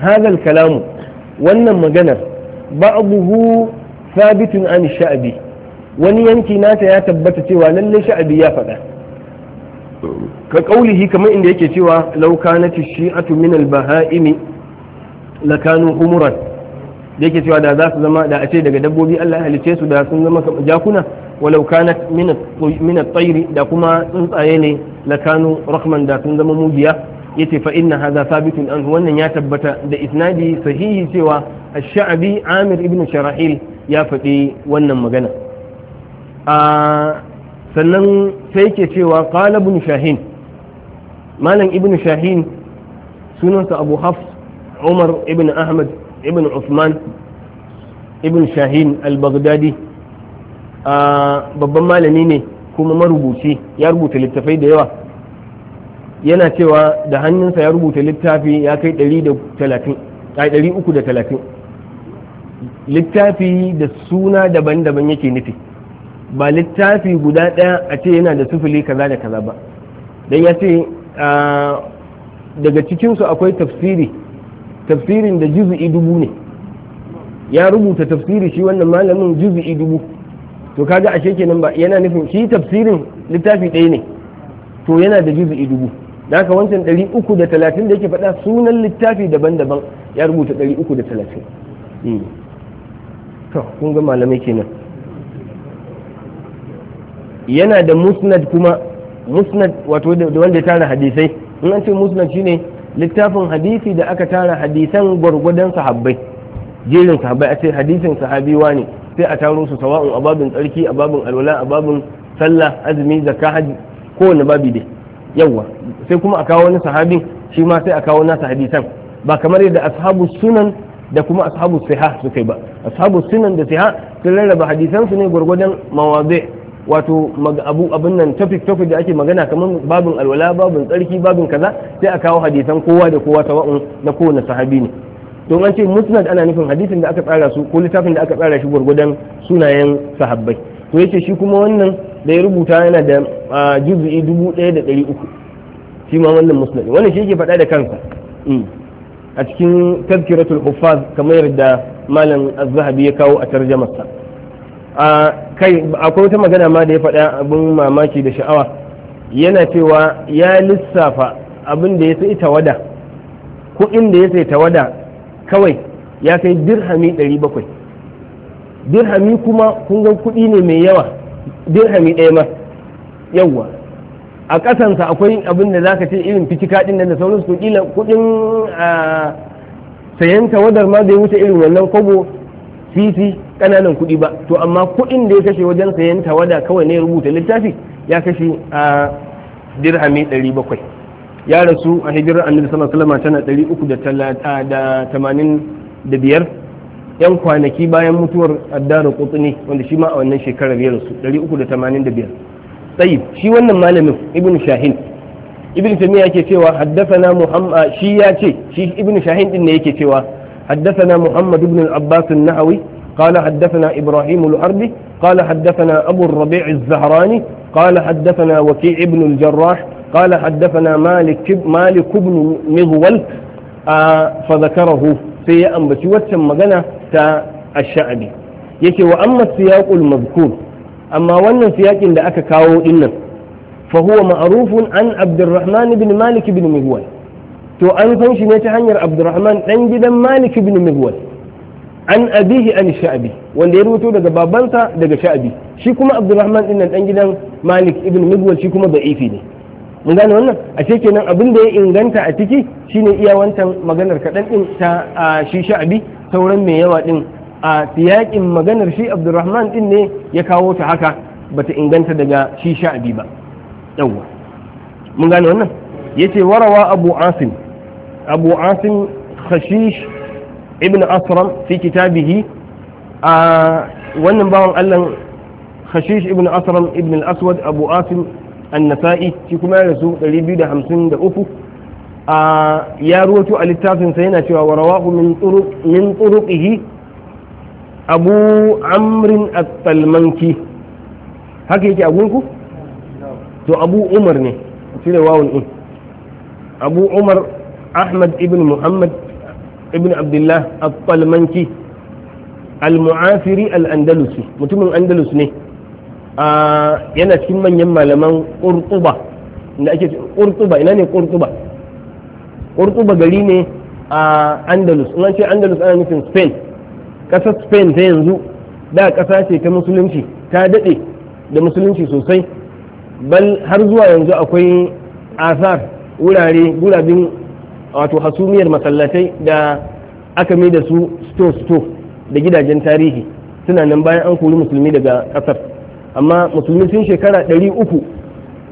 hadal kalamu wannan maganar ba'dahu sabitun an sha'abi wani yanki nata ya tabbata cewa lalle sha'abi ya faɗa ka kaulihi kamar inda yake cewa law kanat shi'atu min al-baha'imi lakanu umuran. da yake cewa da za su zama da a ce daga dabbobi Allah halice su da sun zama jakuna walau kanat min at da kuma tsuntsaye ne kanu rahman da sun zama mugiya yace fa inna hadha thabitun an wannan ya tabbata da isnadi sahihi cewa ash-sha'bi Amir ibn Sharahil ya faɗi wannan magana a sannan sai yake cewa qala ibn Shahin malam ibn Shahin sunansa Abu Hafs Umar ibn Ahmad ibn usman ibn shahin al-baghdadi babban malami ne kuma marubuci ya rubuta littafai da yawa yana cewa da hannunsa ya rubuta littafi ya kai 330 littafi da suna daban-daban yake nufi ba littafi guda ɗaya a ce yana da sufuli kaza da kaza ba don ya ce daga cikinsu akwai tafsiri tafsirin da juz'i dubu ne ya rubuta tafsiri shi wannan malamin juz'i dubu to kaga ashe kenan ba yana nufin shi tafsirin littafi ɗaya ne to yana da juz'i dubu da haka wancan ɗari uku da talatin da yake faɗa sunan littafi daban-daban ya rubuta ɗari uku da talatin hmm. to kun ga malamai kenan yana da musnad kuma musnad wato da wanda ya tara hadisai in an ce musnad shine littafin hadisi da aka tara hadisan gwargwadon sahabbai jerin sahabbai a ce hadisin sahabi ne sai a taro su sawa'un a babin tsarki a babin alwala a sallah azumi zakka haji kowane babi dai yawa sai kuma a kawo wani sahabin shi ma sai a kawo nasa hadisan ba kamar yadda ashabu sunan da kuma ashabu siha suka yi ba ashabu sunan da siha sun rarraba hadisan su ne gwargwadon mawazi wato abu abin nan topic topic da ake magana kamar babin alwala babin tsarki babin kaza sai a kawo hadisan kowa da kowa tawa'un na kowane sahabi ne don an ce musnad ana nufin hadisin da aka tsara su ko littafin da aka tsara shi gurgudan sunayen sahabbai to yace shi kuma wannan da ya rubuta yana da juz'i dubu da uku shi ma wannan musnad wannan shi yake faɗa da kansa mm. a cikin tazkiratul huffaz kamar yadda malam az-zahabi ya kawo a tarjamarsa A kai akwai wata magana ma da ya faɗa abin mamaki da sha'awa yana cewa ya lissafa abin da ya sai tawada kuɗin da ya sai tawada kawai ya kai dirhami 700 dirhami kuma kun ga kuɗi ne mai yawa dirhami ɗaya ma yawa a ƙasansa akwai abin da za ka ce irin fitika ɗin nan da sauransu kuɗin sayan tawadar ma da ya wuce irin wannan kobo sisi kananan kuɗi ba to amma kuɗin da ya kashe wajen sayan tawada kawai ne rubuta littafi ya kashe a dirhami 700 ya rasu a hijirar annabi sallallahu alaihi tana 385 yan kwanaki bayan mutuwar addara kutsuni wanda shi ma a wannan shekarar ya rasu 385 tsayi shi wannan malamin ibn shahin ibn tamiya yake cewa haddasa muhammad shi ya ce shi ibn shahin din ne yake cewa haddasa muhammad ibn al-abbas an-nahawi قال حدثنا إبراهيم الأرض قال حدثنا أبو الربيع الزهراني قال حدثنا وكيع بن الجراح قال حدثنا مالك, مالك بن مغول نغول آه، فذكره في أنبس وتم تا الشعبي يكي وأما السياق المذكور أما وأن سياق إن لأك كاو إن فهو معروف عن عبد الرحمن بن مالك بن مغول تو أن تنشي عبد الرحمن عند مالك بن مغول an abihi an sha'abi wanda ya rubuto daga babansa daga sha'abi shi kuma abdurrahman din nan dan gidan malik ibn midwal shi kuma da'ifi ne mun gane wannan ashe kenan abin da ya inganta a ciki shine iya wancan maganar kaɗan ɗin ta shi sha'abi sauran mai yawa ɗin a tiyakin maganar shi abdurrahman ɗin ne ya kawo ta haka bata inganta daga shi sha'abi ba yawwa mun gane wannan yace warawa abu asim abu asim khashish ibn asram fi kitabihi a wannan bawan allah khashish ibn asram ibn al-aswad abu asim an-nasa'i shi kuma ya rasu 253 a ya ruwato a littafin sa yana cewa warawahu min turuq turuqihi abu amrin at-talmanki haka yake a gunku to abu umar ne shi wawun din abu umar ahmad ibn muhammad ibn abdullah al الطلمنكي al-mu'asiri al-andalusi mutumin andalus ne yana cikin manyan malaman ƙurtuba inda ake ƙurtuba ina ne ƙurtuba ƙurtuba gari ne a andalus in an ce andalus ana nufin spain ƙasar spain ta yanzu da ƙasa ce ta musulunci ta daɗe da musulunci sosai bal har zuwa yanzu akwai asar wurare gurabin wato hasumiyar masallatai da aka mai da su sto-sto da gidajen tarihi suna nan bayan an kori musulmi daga kasar amma musulmi sun shekara ɗari uku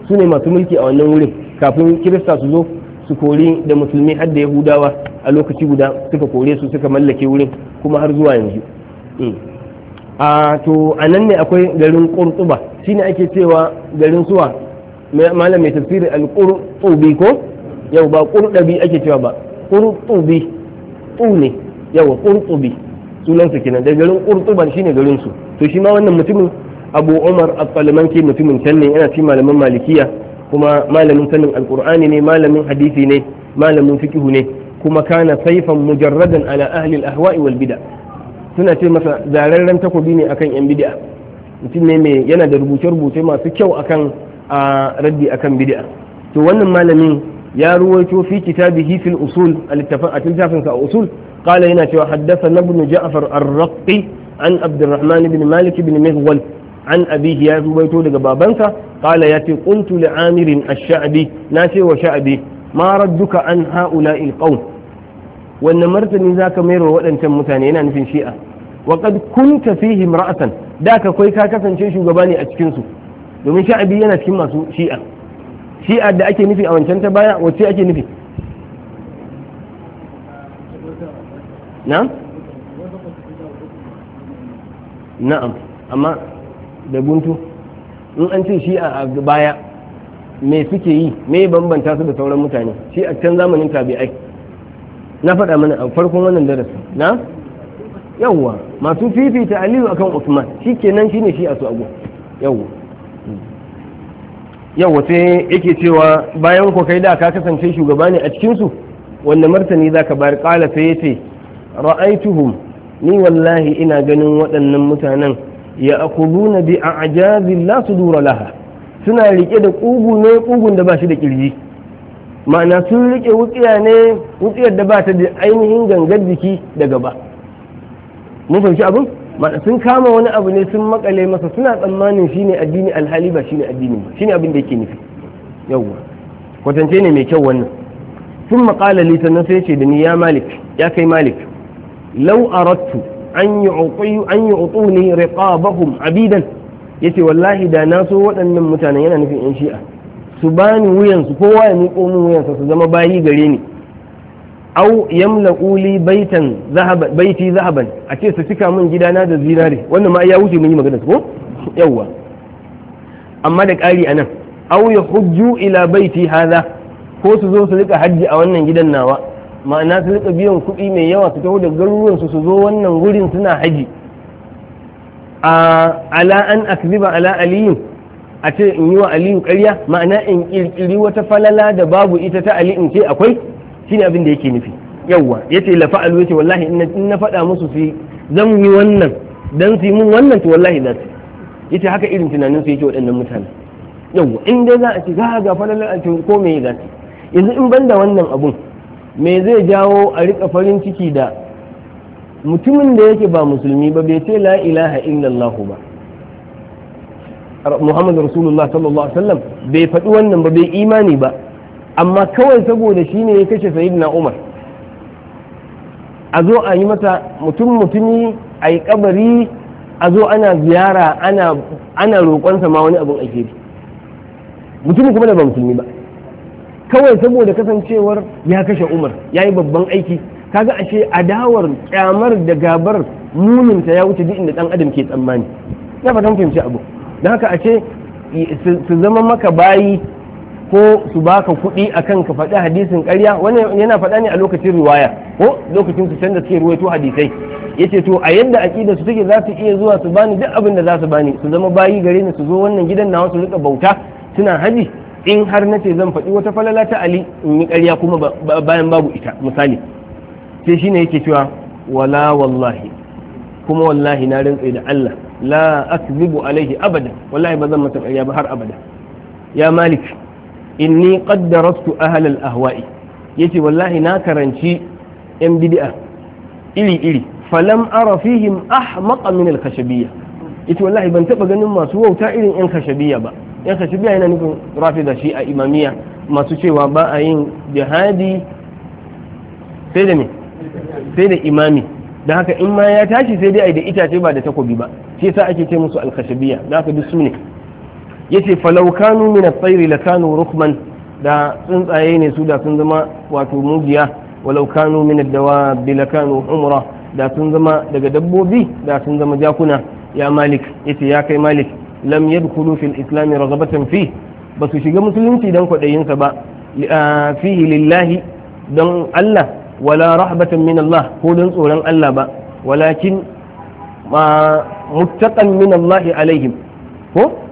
su ne masu mulki a wannan wurin kafin kirista su zo su kori da musulmi har da yahudawa a lokaci guda suka kore su suka mallake wurin kuma har zuwa yanzu mm. a to a nan ne akwai garin ƙurtuba shine ake cewa garin suwa malam mai tafsirin al-qurtubi ko yau ba qurdabi ake cewa ba qurtubi ne yau ƙurɗubi sunan kenan da garin ƙurɗuban shine garin su to shi ma wannan mutumin abu umar al-falmanki mutumin can ne yana ci malaman malikiya kuma malamin sanin alqur'ani ne malamin hadisi ne malamin fiqhu ne kuma kana saifan mujarradan ala ahli al-ahwa'i wal bid'a suna ce masa zararren takobi ne akan yan bid'a mutum ne mai yana da rubuce-rubuce masu kyau akan a raddi akan bid'a to wannan malamin ya ruwaito fi kitabihi fil usul a littafin sa usul qala yana cewa haddathana ibn ja'far ar-raqi an abdurrahman ibn malik ibn mihwal an abihi ya ruwaito daga babansa qala yati qultu li amirin ash-sha'bi na ce wa sha'bi ma radduka an ha'ula'i al-qawm wannan martani zaka mayar wa waɗancan mutane yana nufin shi'a wa qad kunta fihim ra'atan da ka kwai ka kasance shugaba ne a cikin su domin sha'bi yana cikin masu shi'a shi'a da ake nufi a wancan ta baya wacce ake nufi na? na'am amma da guntu in an ce shi'a a baya me suke yi me bambanta su da sauran mutane shi a can zamanin tabi'ai na faɗa mana a farkon wannan darasin na yawwa masu fifita aliyu akan usman shi kenan shine shi a su abu yawwa yau wata yake cewa bayan ku kai da ka kasance shugaba ne a cikinsu wanda martani za ka bayar ƙala sai yace ra'aituhum ni wallahi ina ganin waɗannan mutanen ya akuluna bi a'jazi la sudura laha suna rike da ƙugu ne ƙugun da ba shi da kirji ma'ana sun rike wutsiya ne wutsiyar da ba ta da ainihin gangar jiki da gaba mun fahimci abin sun kama wani abu ne sun makale masa suna tsammanin shine addini alhali ba shine addini ba shine abin da yake nufi yawwa kwatance ne mai kyau wannan sun makala li sannan sai ce da ni ya malik ya kai malik lau arattu an yi an yi utuni riqabahum abidan yace wallahi da na so waɗannan mutanen yana nufin yan shi'a su bani wuyansu kowa ya miƙo min wuyansa su zama bayi gare ni au yamla uli baitan zahaban baiti zahaban a ce su cika min gidana da zinare wannan ma ya wuce mun yi magana ko yawwa amma da kari anan au ya hujju ila baiti hadha ko su zo su rika hajji a wannan gidan nawa ma'ana su rika biyan kuɗi mai yawa su taho da garuruwan su su zo wannan gurin suna haji a ala an akziba ala aliyin a ce in yi wa aliyu ƙarya ma'ana in ƙirƙiri wata falala da babu ita ta ali in ce akwai shine abin da yake nufi yawwa yace la fa'alu yace wallahi in na faɗa musu su zan yi wannan dan su mun wannan to wallahi za su yace haka irin tunanin su yake waɗannan mutane yawwa in dai za a ce ga ga falalar a ko me za su yanzu in banda wannan abun me zai jawo a rika farin ciki da mutumin da yake ba musulmi ba bai ce la ilaha illallah ba Muhammadu Rasulullah sallallahu alaihi wasallam bai faɗi wannan ba bai imani ba amma kawai saboda shi ne ya kashe sayidina umar a zo a yi mata mutum mutumi a yi kabari a zo ana ziyara ana roƙonsa ma wani abin ake mutumin kuma da ba musulmi ba kawai saboda kasancewar ya kashe umar ya yi babban aiki kaga ashe adawar kyamar da gabar muninta ya wuce duk inda dan adam ke tsammani na fatan fahimci abu don haka ashe su zama maka bayi ko su baka kuɗi akan ka faɗi hadisin ƙarya Wani yana faɗa ne a lokacin riwaya ko lokacin su canza suke ruwaito hadisai Ya ce to a yadda aqida su take za su iya zuwa su bani duk abin da za su bani su zama bayi gare ni su zo wannan gidan nawa su rika bauta suna haji in har na ce zan faɗi wata falala ta ali in yi ƙarya kuma bayan babu ita misali sai shine yake cewa wala wallahi kuma wallahi na rantsa da Allah la akzibu alaihi abada wallahi ba zan masa ƙarya ba har abada ya malik inni qaddarastu al ahwa'i yace wallahi na karanci yan bid'a iri iri falam ara fihim ahmaq min al kashabiyya yace wallahi ban taba ganin masu wauta irin yan kashabiyya ba yan kashabiyya yana nufin rafida shi a imamiyya masu cewa ba a yin jihadi sai da sai da imami da haka in ma ya tashi sai dai a da itace ba da takobi ba shi yasa ake ce musu al kashabiyya da haka duk su yace falau kanu min at-tayr lakanu rukman da tsuntsaye ne su da sun zama wato mugiya walau kanu min ad-dawabi lakanu umra da sun zama daga dabbobi da sun zama jakuna ya malik yace ya kai malik lam yadkhulu fil islam raghabatan fi ba su shiga musulunci dan kwaɗayinsa ba fihi lillahi don Allah wala rahbatan min Allah ko don tsoron Allah ba walakin ma muttaqan min Allah alaihim ko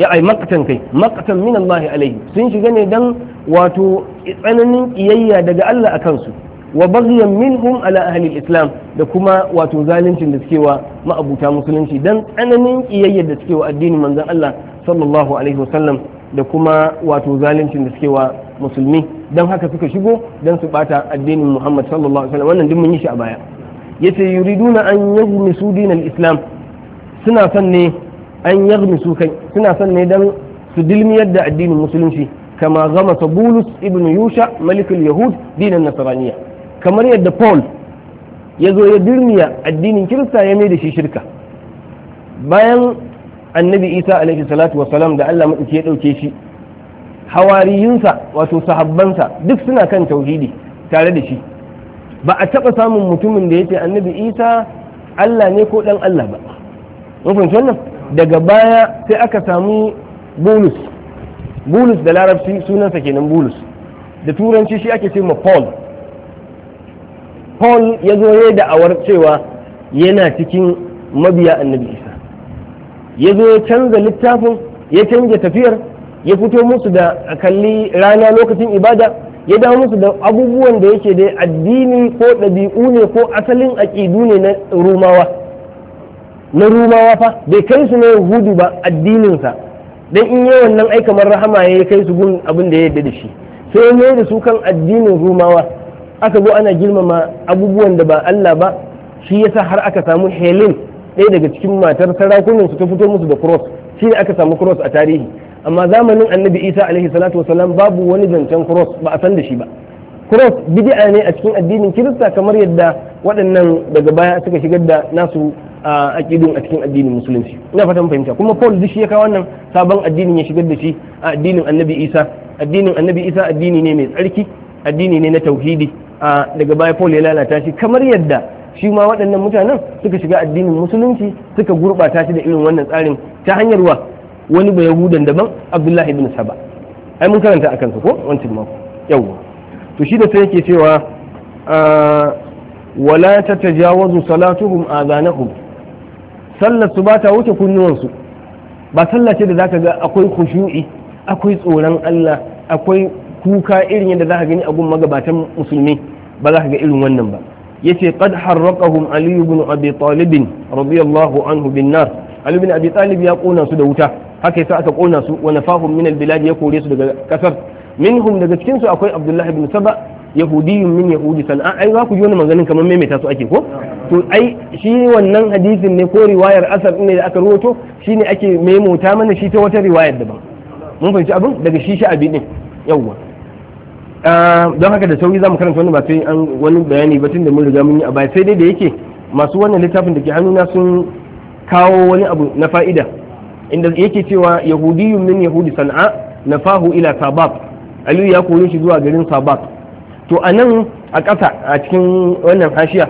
ya ai kai makatan min Allah alaihi sun shiga ne dan wato tsananin kiyayya daga Allah akan su wa baghyan minhum ala ahli islam da kuma wato zaluncin da suke wa ma'abuta musulunci dan tsananin kiyayya da suke wa addinin manzon Allah sallallahu alaihi wasallam da kuma wato zaluncin da suke wa musulmi dan haka suka shigo dan su bata addinin Muhammad sallallahu alaihi wasallam wannan duk mun yi shi a baya yace yuriduna an yajmisu dinal islam suna son ne an yaghmi su kai suna son ne dan su dilmiyar da addinin musulunci kama gama bulus ibn yusha malikul yahud dinan nasaraniya kamar yadda paul ya zo ya dirmiya addinin kirista ya mai da shi shirka bayan annabi isa alaihi salatu salam da allah maɗauki ya ɗauke shi hawariyunsa wato sahabbansa duk suna kan tauhidi tare da shi ba a taɓa samun mutumin da ya ce annabi isa allah ne ko ɗan allah ba mun wannan daga baya sai aka samu bulus bulus da larabci sunansa kenan bulus da turanci shi ake ce ma paul paul ya zo ya da'awar cewa yana cikin mabiya annabi isa ya zo ya canza littafin ya canza tafiyar ya fito musu da kalli rana lokacin ibada ya dawo musu da abubuwan da yake da addini ko ɗabi'u ne ko asalin aƙidu ne na rumawa na rumawa fa bai kai su na hudu ba addininsa dan in yi wannan ai kamar rahama ya kai su gun abin da ya yarda da shi sai ya da su kan addinin rumawa aka zo ana girmama abubuwan da ba Allah ba shi yasa har aka samu Helen ɗaya daga cikin matar sarakunan su ta fito musu da cross shi ne aka samu cross a tarihi amma zamanin annabi isa alaihi salatu wasalam babu wani zancen cross ba a san da shi ba cross bid'a ne a cikin addinin kirista kamar yadda waɗannan daga baya suka shigar da nasu a aqidun a cikin addinin musulunci ina fatan fahimta kuma Paul duk ya kawo wannan sabon addini ya shigar da shi a addinin Annabi Isa addinin Annabi Isa addini ne mai tsarki addini ne na tauhidi a daga baya Paul ya lalata shi kamar yadda shi ma waɗannan mutanen suka shiga addinin musulunci suka gurɓata shi da irin wannan tsarin ta hanyar wa wani ba yahudan daban Abdullahi ibn Saba ai mun karanta akan su ko wancan mako yawwa to shi da sai yake cewa wala tatajawazu salatuhum azanahum sallar su ba ta wuce kunnuwansu ba sallar ce da ka ga akwai khushu'i akwai tsoron Allah akwai kuka irin yadda za ka gani a gun magabatan musulmi ba za ka ga irin wannan ba yace qad harraqahum ali ibn abi talib radiyallahu anhu bin nar ali ibn abi talib ya kona su da wuta haka yasa aka kona su wa nafahum min al-bilad ya kore su daga kasar minhum daga cikin su akwai Abdullahi ibn saba yahudiyun min yahudi san ai za ku ji wani maganin kamar maimaita su ake ko to ai shi wannan hadisin ne ko riwayar asar ne da aka rawato shine ake maimaita mana shi ta wata riwayar daban mun fahimci abin daga shi abin din yawwa don haka da sauri zamu karanta wani ba sai an wani bayani ba tun da mun riga mun yi a baya sai dai da yake masu wannan littafin da ke hannuna sun kawo wani abu na fa'ida inda yake cewa yahudiyun min yahudi san'a nafahu ila sabab aliyu ya kore shi zuwa garin sabab to a nan a ƙasa a cikin wannan hashiya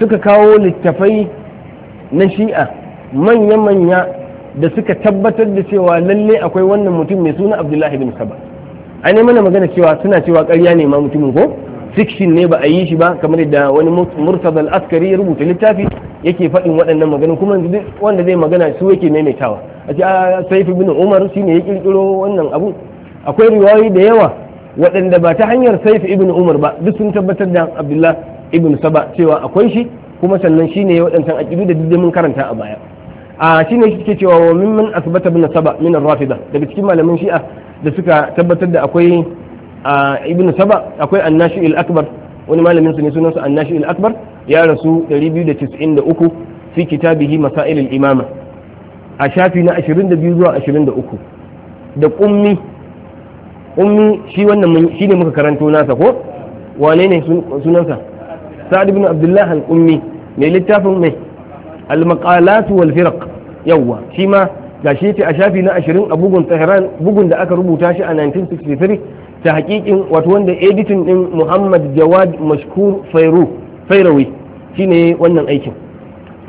suka kawo littafai na shi'a manya-manya da suka tabbatar da cewa lalle akwai wannan mutum mai suna abdullahi bin saba a ne mana magana cewa suna cewa karya ne ma mutumin ko fiction ne ba a yi shi ba kamar da wani murtazal askari ya rubuta littafi yake faɗin waɗannan maganin kuma wanda zai magana su yake maimaitawa a ce a saifi bin umar shi ne ya ƙirƙiro wannan abu akwai riwayoyi da yawa waɗanda ba ta hanyar saif ibn umar ba duk sun tabbatar da abdullah ibn saba cewa akwai shi kuma sannan ne waɗancan aqidu da duk mun karanta a baya a shine shi ke cewa wa mimman asbata ibn saba min rafida daga cikin malaman shi'a da suka tabbatar da akwai ibn saba akwai annashi al-akbar wani malamin su ne sunan su annashi al-akbar ya rasu 293 fi kitabihi masail al-imama a shafi na 22 zuwa 23 da kummi ummi shi wannan shi ne muka karanto nasa ko wane ne sunansa sa'ad ibn abdullah al-ummi mai littafin mai al-maqalat wal firaq yawa shi ma gashi ta a shafi na 20 a bugun Tehran bugun da aka rubuta shi a 1963 ta hakikin wato wanda editing din Muhammad Jawad Mashkur Fairu Fairawi shine wannan aikin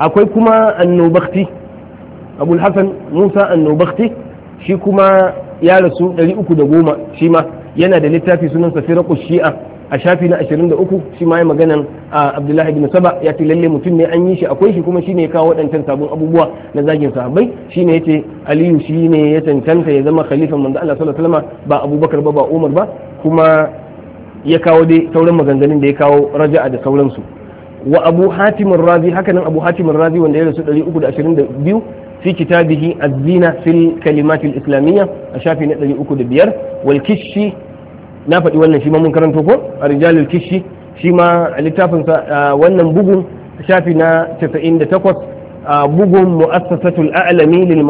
akwai kuma annobakti abul hasan musa annobakti shi kuma ya rasu 310 shi ma yana da littafi sunan safiraku shi'a a shafi na 23 shi ma ya maganan abdullahi ibn saba ya ce lalle mutum ne an yi shi akwai shi kuma shine ya kawo waɗancan sabon abubuwa na zagin sahabbai shine yace aliyu shi ne ya cancanta ya zama khalifan manzo Allah sallallahu alaihi wasallam ba abubakar ba ba umar ba kuma ya kawo dai sauran maganganun da ya kawo raja'a da sauransu wa abu hatim razi hakanan abu hatim razi wanda ya rasu 322 fi kitabihi az-zina fil kalimat islamiyya a shafi na 305 wal kishi na faɗi wannan shi ma mun karanto ko a rijalul kishi shi ma littafin sa wannan shafi na 98 bugun mu'assasatul a'lami lil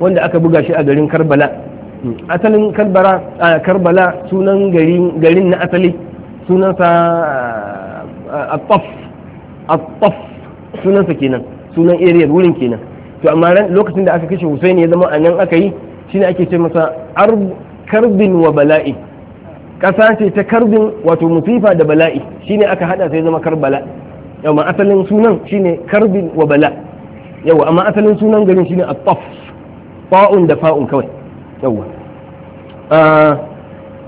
wanda aka buga shi a garin Karbala asalin Karbala Karbala sunan garin na asali sunansa sunansa kenan sunan area wurin kenan to amma ran lokacin da aka kashe husaini ya zama a nan aka yi shine ake ce masa karbin wa bala'i kasa ce ta karbin wato musifa da bala'i shine aka hada sai zama karbala yawa asalin sunan shine karbin wa bala yawa amma asalin sunan garin shine at-taf fa'un da fa'un kawai yawa ah,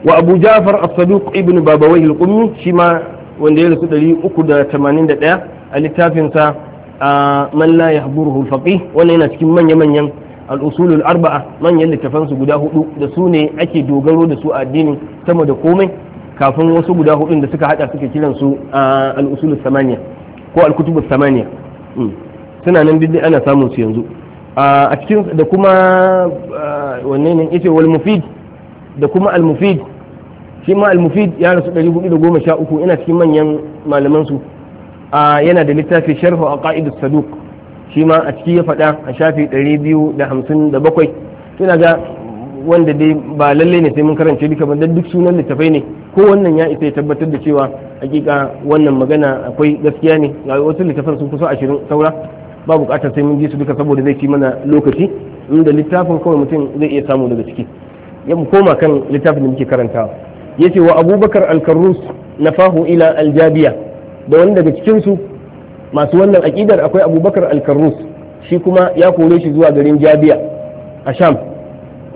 wa abu jafar as-saduq ibn babawayh al-qummi shima wanda ya rasu 381 a littafinsa man la yahduruhu al-faqih wannan yana cikin manya manyan al al arba'a manyan littafan su guda hudu da su ne ake dogaro da su a addinin sama da komai kafin wasu guda hudun da suka hada suke kiran su al al samaniya ko al al samaniya suna nan duk ana samun su yanzu a cikin da kuma wanne ne yace wal mufid da kuma al mufid shi ma al mufid ya rasu 413 ina cikin manyan malaman su yana da littafi sharhu a aqaidus saduq shi ma a ciki ya faɗa a shafi 257 tuna ga wanda dai ba lallai ne sai mun karance duka ba duk sunan littafai ne ko wannan ya isa ya tabbatar da cewa hakika wannan magana akwai gaskiya ne ga wasu littafan sun kusa 20 saura ba bukatar sai mun ji su duka saboda zai ci mana lokaci inda littafin kawai mutum zai iya samu daga ciki ya mu koma kan littafin da muke karantawa yace wa abubakar na nafahu ila aljabiya da wani daga cikinsu masu wannan aƙidar akwai abubakar Alkarus, shi kuma ya kore shi zuwa garin jabiya a sham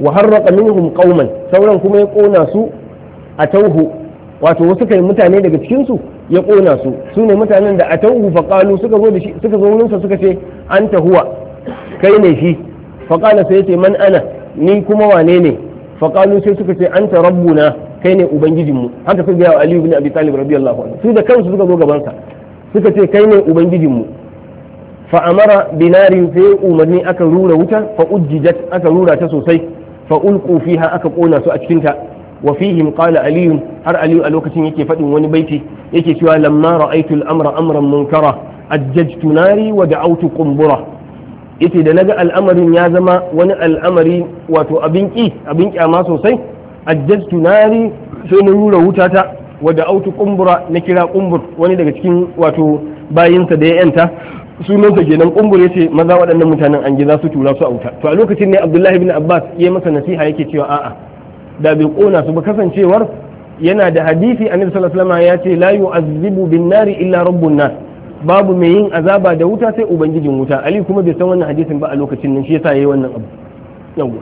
wa harraka minhum qauman sauran kuma ya kona su a tauhu wato wasu kai mutane daga cikinsu ya kona su su ne mutanen da a tauhu faqalu suka zo da shi suka zo wurinsa suka ce anta huwa kai ne shi faqala sai ce man ana ni kuma wane ne faqalu sai suka ce anta rabbuna kai ne ubangijinmu haka suka gaya wa aliyu bin abi talib radiyallahu anhu su da kansu suka zo gabansa suka ce kai ne ubangijinmu fa amara binarin sai umarni aka rura wuta fa ujjijat aka rura ta sosai fa ulqu fiha aka kona su a cikin ta wa fihim qala aliyu har aliyu a lokacin yake fadin wani baiti yake cewa lamma ra'aytu al-amra amran munkara ajjajtu nari wa da'awtu qumbura yace da naga al'amarin ya zama wani al'amari wato abin ki abin kyama sosai ajjaztu nari sai na rura wutata wadda autu kumbura na kira kumbur wani daga cikin wato bayinsa da ya yanta sunansa kenan kumbur ya ce maza waɗannan mutanen an gida su tura su a wuta to a lokacin ne abdullahi bin abbas ya masa nasiha yake cewa a'a da bai kona su ba kasancewar yana da hadisi annabi sallallahu alaihi ya ce la yu'azzibu bin nari illa rabbun nas babu mai yin azaba da wuta sai ubangijin wuta ali kuma bai san wannan hadisin ba a lokacin nan shi yasa yayi wannan abu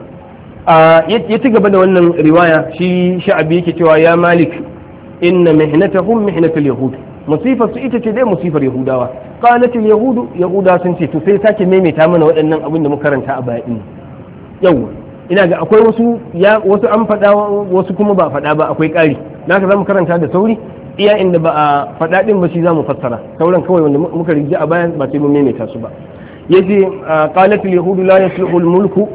ya ci gaba da wannan riwaya shi sha'abi yake cewa ya malik inna mihnatahum mihnatul yahud musifa su ita ce dai musifar yahudawa al yahudu yahuda sun ce to sai sake maimaita mana waɗannan abin da muka karanta a baya din yau ina ga akwai wasu ya wasu an faɗa wasu kuma ba faɗa ba akwai ƙari naka zamu karanta da sauri iya inda ba a faɗa din ba shi zamu fassara sauran kawai wanda muka rigi a baya ba sai mun maimaita su ba yace al yahudu la yasluhu al mulku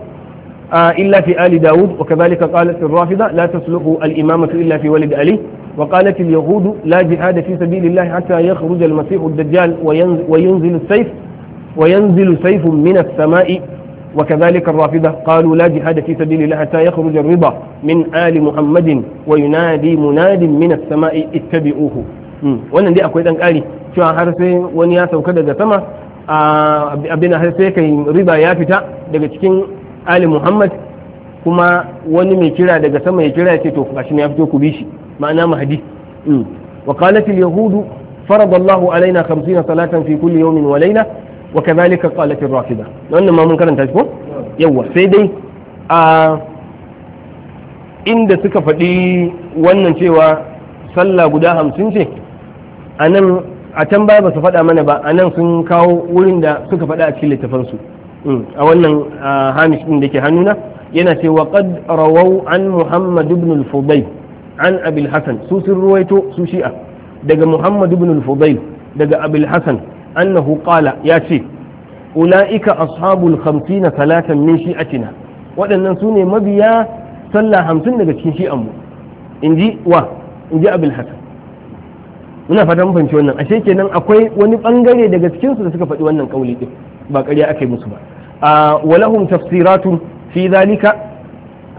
إلا في آل داود وكذلك قالت الرافضة لا تصلح الإمامة إلا في ولد علي وقالت اليهود لا جهاد في سبيل الله حتى يخرج المسيح الدجال وينزل السيف وينزل سيف من السماء وكذلك الرافضة قالوا لا جهاد في سبيل الله حتى يخرج الرضا من آل محمد وينادي مناد من السماء اتبعوه wannan dai akwai dan ƙari cewa har sai wani ya sauka daga sama abin har sai kai riba ya fita daga cikin ali muhammad kuma wani mai kira daga sama ya kira ce to gashi ne ya fito ku bi shi ma'ana mahdi mm. wa qalat al yahud farada allah alaina 50 salatan fi kulli yawmin wa layla wa kadhalika qalat al rafida wannan ma mun karanta shi ko yawa sai dai a inda suka faɗi wannan cewa sallah guda hamsin ce a nan a can baya ba su faɗa mana ba a nan sun kawo wurin da suka faɗa a cikin littafansu Mm. a wannan hamish din da ke hannuna yana ce wa qad rawau an muhammad ibn al-fudayl an abil hasan su sun ruwaito su shi'a daga muhammad ibn al-fudayl daga abil hasan annahu qala ya ce ula'ika ashabul khamsina salatan min shi'atina waɗannan su ne mabiya sallah hamsin daga cikin shi'an mu inji wa inji abil hasan Muna fatan fahimci wannan ashe kenan akwai wani bangare daga cikin su da suka faɗi wannan kauli din ba ƙarya ake musu ba walahun tafsiratu fi zalika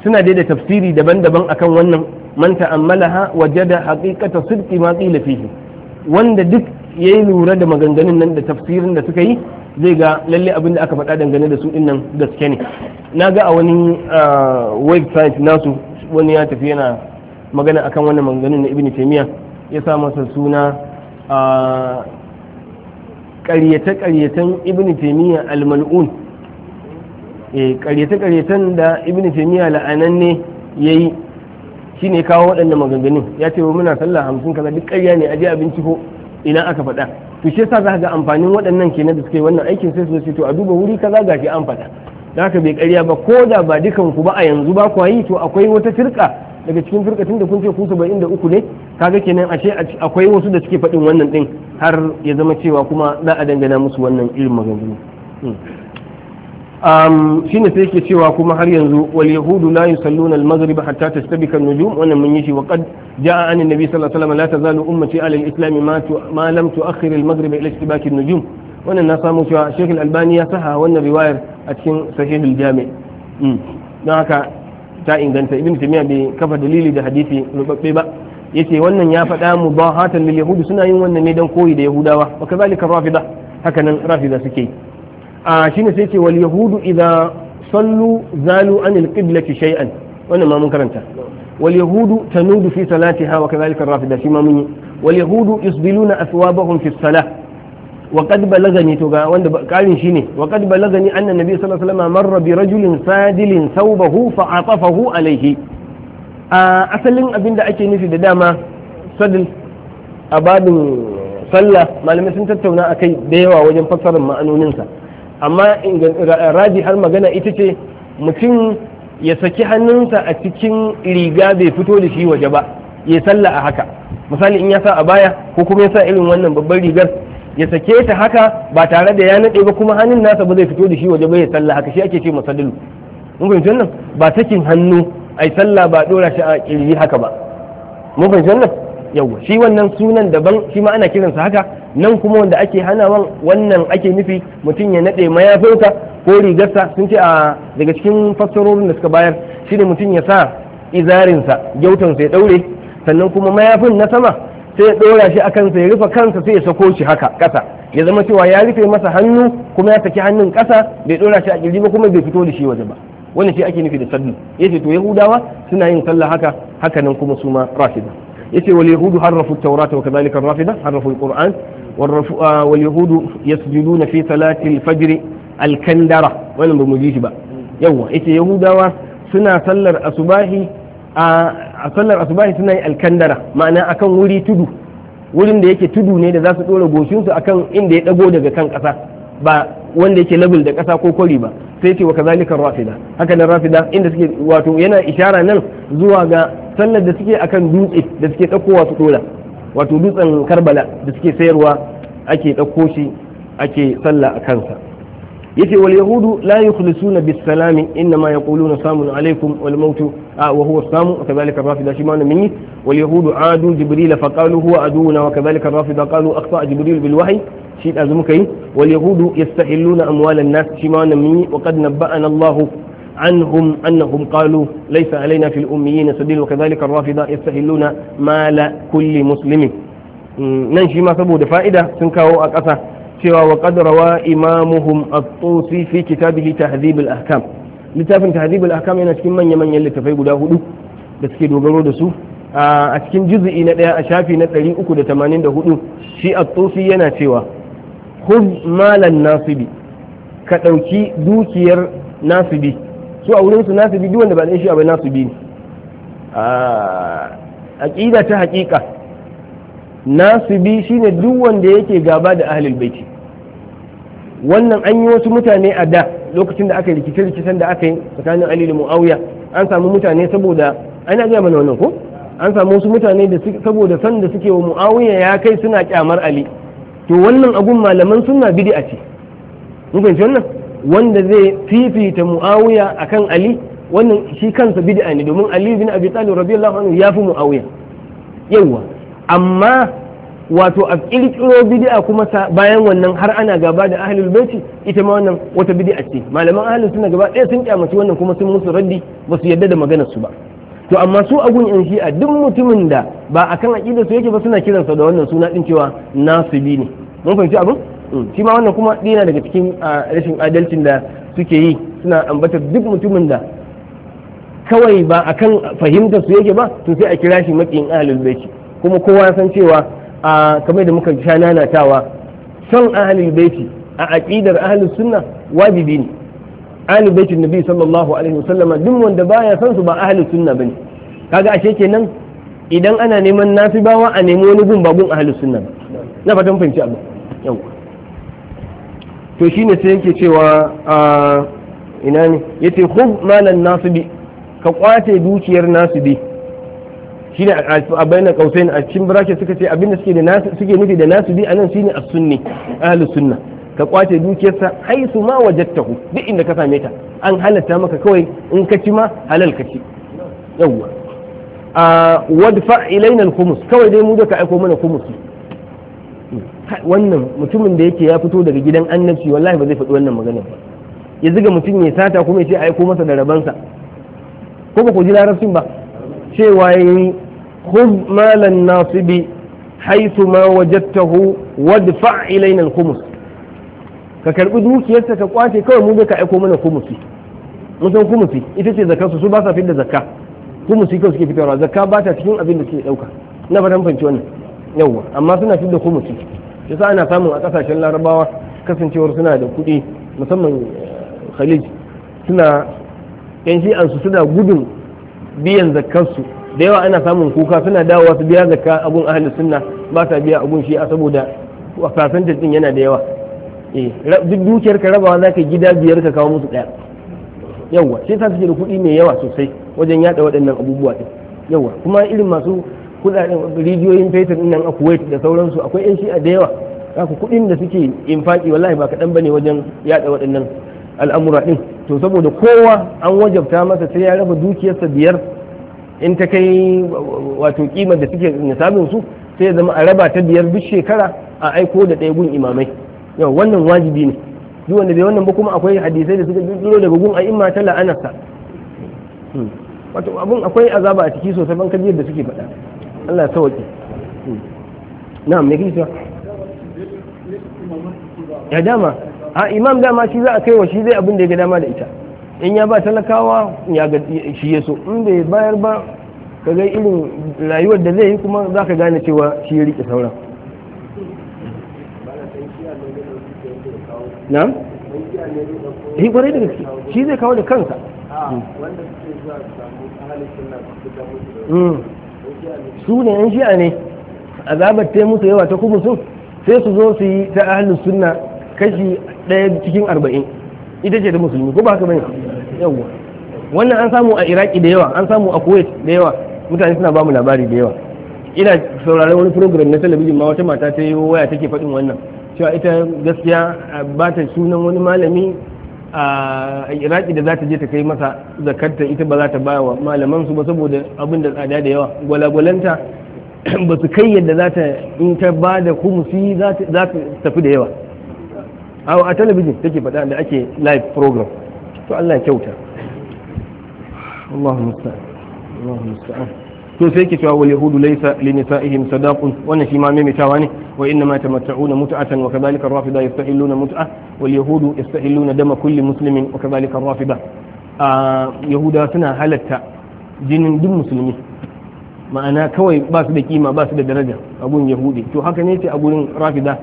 suna dai da tafsiri daban-daban akan wannan man ta'ammalaha wajada haqiqata sidqi ma qila fihi wanda duk yayi lura da maganganun nan da tafsirin da suka yi zai ga lalle abin da aka faɗa dangane da su din nan gaske ne na ga a wani website nasu wani ya tafi yana magana akan wannan maganganun na ibn taymiya ya sa masa suna ƙaryata-ƙaryatan ibn taimiyya al-mal'un eh, ƙaryata-ƙaryatan da ibn taimiyya la'ananne ya yi shi kawo waɗannan maganganun ya ce wa muna sallah hamsin kaza duk ƙarya ne aje abinci ko ina aka faɗa to shi yasa za ga amfanin waɗannan kenan da suke wannan aikin sai su ce to a duba wuri kaza shi an faɗa da haka bai ƙarya ba ko da ba dukan ku ba a yanzu ba ku yi to akwai wata firka daga cikin firkatun da kun ce ku saba'in da uku ne kaga kenan ce akwai wasu da suke faɗin wannan ɗin har ya zama cewa kuma za a dangana musu wannan irin maganganu hmm. shi ne sai yake cewa kuma har yanzu wal yahudu la yusalluna al maghrib hatta tastabika an nujum wannan mun yi shi wa qad jaa an annabi sallallahu alaihi wasallam la tazalu ummati ala al islam ma ma lam tuakhir al maghrib ila istibak an nujum wannan na samu cewa shaykh al albani ya saha wannan riwayar a cikin sahih al jami' hmm. don haka ta inganta ibn taymiya bai kafa dalili da hadisi rubabbe ba yace wannan ya faɗa mu ba hatan lil yahudi suna yin wannan ne dan koyi da yahudawa wa kazalika rafida haka nan rafida suke a shine sai ce wal yahudu idza sallu zalu anil qiblati shay'an wannan ma mun karanta wal yahudu tanudu fi salatiha wa kazalika rafida shi ma mun yi wal yahudu yusbiluna aswabahum fi salah wa qad balagani to wanda karin shine wa qad balagani anna nabi sallallahu alaihi wasallam marra bi rajulin sadilin thawbahu fa atafahu a asalin abin da ake nufi da dama sadil a babin sallah malamai sun tattauna kai da yawa wajen fassarar ma'anoninsa amma raji har magana ita ce mutum ya saki hannun sa a cikin riga bai fito da shi waje ba ya sallah a haka misali in ya sa a baya ko kuma ya sa irin wannan babbar rigar ya sake ta haka ba tare da ya nade ba kuma hannun nasa ba zai fito da shi waje bai ya sallah haka shi ake ce masadilu mun fahimci wannan ba sakin hannu ai sallah ba dora shi a kirji haka ba mun fahimci wannan yawa shi wannan sunan daban shi ma ana kiransa haka nan kuma wanda ake wan wannan ake nufi mutum ya nade mayafinsa ko rigarsa sun ce a daga cikin fassarorin da suka bayar shine mutum ya sa izarinsa gyautansa ya daure sannan kuma mayafin na sama sai ya ɗora shi a kansa ya rufe kansa sai ya sako shi haka ƙasa ya zama cewa ya rufe masa hannu kuma ya saki hannun ƙasa bai ɗora shi a kirji ba kuma bai fito da shi waje ba wannan shi ake nufi da sallu yace to yahudawa suna yin sallah haka haka nan kuma su ma rafida yace wal yahudu harrafu at-taurata wa kadhalika rafida harrafu al-qur'an wal ah, yahudu yasjuduna fi salati al-fajr al-kandara wannan ba mu ji shi ba yawa yace yahudawa suna sallar asubahi a sallar asubahi suna yi alkandara ma'ana akan wuri tudu wurin da yake tudu ne da za su ɗora goshinsu akan inda ya ɗago daga kan ƙasa ba wanda yake level da ƙasa ko kori ba sai ce wa kazalika rafida haka nan rafida inda suke wato yana ishara nan zuwa ga sallar da suke akan dutse da suke ɗaukowa su ɗora wato dutsen karbala da suke sayarwa ake ɗauko shi ake sallah a kansa yace wal yahudu la yukhlisuna bis salami inna ma yaquluna samun alaikum wal mautu wa huwa samu wa kadhalika rafida shi ma wannan minni wal yahudu adu jibril fa qalu huwa aduna wa kadhalika rafida qalu akhta jibril bil wahyi shi da zumuka yi wal yahudu yastahilluna amwal an nas shi ma wannan minni wa qad nabba'ana allah عنهم أنهم قالوا ليس علينا في الأميين سبيل وكذلك الرافضة يستهلون mala kulli مسلم mm, nan shi ma saboda fa'ida sun kawo a ƙasa cewa wa qad rawa imamuhum at-tusi fi kitabihi tahdhib al-ahkam littafin tahdhib al-ahkam yana cikin manya manyan littafai guda hudu da suke dogaro da su a cikin juz'i na daya a shafi na 384 shi at-tusi yana cewa khudh malan nasibi ka dauki dukiyar nasibi su a wurin su nasibi duk wanda ba dan shi abai nasibi ne aqida ta haƙiƙa nasibi shine duk wanda yake gaba da ahlul baiti wannan an yi wasu mutane a da lokacin da aka yi rikice-rikicen da aka yi tsakanin ali da muawiya an samu mutane saboda ana gaya mana wannan ko an samu wasu mutane da saboda san da suke wa muawiya ya kai suna kyamar ali to wannan abun malaman sunna bid'a ce mun fahimci wannan wanda zai fifita muawiya akan ali wannan shi kansa bid'a ne domin ali bin abi talib radiyallahu anhu ya fi muawiya yawa amma wato a kirkiro bid'a kuma bayan wannan har ana gaba da ahlul baiti ita ma wannan wata bid'a ce malaman ahlus sunna gaba ɗaya sun kyamaci wannan kuma sun musu raddi ba su yarda da maganar su ba to amma su a gun yan shi'a duk mutumin da ba akan aqida su yake ba suna kiransa da wannan suna din cewa nasibi ne mun fahimci abin mm. shi ma wannan kuma dina daga cikin rashin adalcin da suke yi suna ambatar duk mutumin da kawai ba kan fahimtar su yake ba to sai a kira shi maƙiyin ahlul baiti kuma kowa ya san cewa a kamar da muka sha nanatawa son ahlul baiti a aqidar ahlus sunna wajibi ne ahlul baiti nabi sallallahu alaihi wasallama duk wanda baya san su ba ahlus sunna bane kaga ashe kenan idan ana neman nasibawa a nemi wani gun bagun ahlus sunna ba na fatan fahimci abu yau to shine sai yake cewa a ina ne yace khudh malan nasibi ka kwace dukiyar nasibi shi ne a bayanan kausain a cikin bracket suka ce abinda suke da suke nufi da nasu bi anan shine as-sunni ahlus sunna ka kwace dukiyarsa haisu ma wajadtahu duk inda ka same ta an halatta maka kawai in ka ci ma halal ka ci yawwa a wadfa ilaina al-khums kawai dai mu da ka aiko mana khums wannan mutumin da yake ya fito daga gidan annabci wallahi ba zai faɗi wannan magana ba ya ziga mutum ya sata kuma ya ce aiko masa da rabansa ko ba ku ji larabcin ba cewa yi khudh malan nasibi haythu ma wajadtahu wadfa fa'ilai al-khums ka karbi dukiyarsa ka kwace kawai mu ka aiko mana kumusi musan kumusi ita ce zakarsu su ba sa fitar zakka kumusi kawai suke fitarwa zakka ba ta cikin abin da suke dauka na fatan fanci wannan yawwa amma suna fitar da kumusi yasa ana samun a kasashen larabawa kasancewar suna da kuɗi musamman eh, khalid suna yan shi'ansu suna gudun biyan zakkarsu da yawa ana samun kuka suna dawowa su biya zakka abun ahli sunna ba sa biya abun shi a saboda percentage din yana da yawa eh duk dukiyar ka rabawa zaka gida biyar ka kawo musu daya yawa sai ta suke da kuɗi mai yawa sosai wajen yada waɗannan abubuwa din yawa kuma irin masu kuɗaɗen rijiyoyin fetur din nan a Kuwait da sauransu akwai yan shi'a da yawa ku kuɗin da suke infaki wallahi ba kaɗan bane wajen yada waɗannan al'amura din to saboda kowa an wajabta masa sai ya raba dukiyarsa biyar in ta kai wato kimar da suke nisabin su sai ya zama a raba ta biyar duk shekara a aiko da ɗaya gun imamai yau wannan wajibi ne duk wanda bai wannan ba kuma akwai hadisai da suka duro daga gun a imma ta la'anarsa hmm. wato abun akwai azaba a ciki sosai ban kajiyar da suke faɗa Allah ya sauƙi hmm. na'am me kike ya dama a imam dama shi za a kai wa shi zai abin da ya ga dama da ita in ya ba talakawa ya ga shi ya so in bai bayar ba ka ga irin rayuwar da zai yi kuma za ka gane cewa shi ya rike sauran na? shi eh, kwarai da gaske shi zai kawo da kansa hmm. su ne yan shi'a ne azabar ta musu yawa ta kubusun sai su zo su yi ta ahalin sunna kashi ɗaya cikin arba'in ita ce da musulmi ko ba haka bane yawwa wannan an samu a iraki da yawa an samu a kuwait da yawa mutane suna ba mu labari da yawa ina sauraron wani program na talabijin ma wata mata ta yi waya take faɗin wannan cewa ita gaskiya ba ta sunan wani malami a iraki da za ta je ta kai masa zakarta ita ba za ta ba wa malaman su ba saboda abin da tsada da yawa gwalagwalanta ba su kai yadda za ta in ta ba da kumusi za ta tafi da yawa a talabijin take faɗa da ake live program to Allah ya kyauta Allahu musta'an Allahu musta'an to sai ke cewa wal yahudu laysa li nisa'ihim sadaqun wannan shi ma maimaitawa ne wa inna ma tamatta'una mut'atan wa kadhalika ar-rafida yastahilluna mut'a wal yahudu yastahilluna dama kulli muslimin wa kadhalika ar-rafida yahuda suna halatta jinin duk musulmi ma'ana kawai ba su da kima ba su da daraja a gun yahudi to haka ne ce a gurin rafida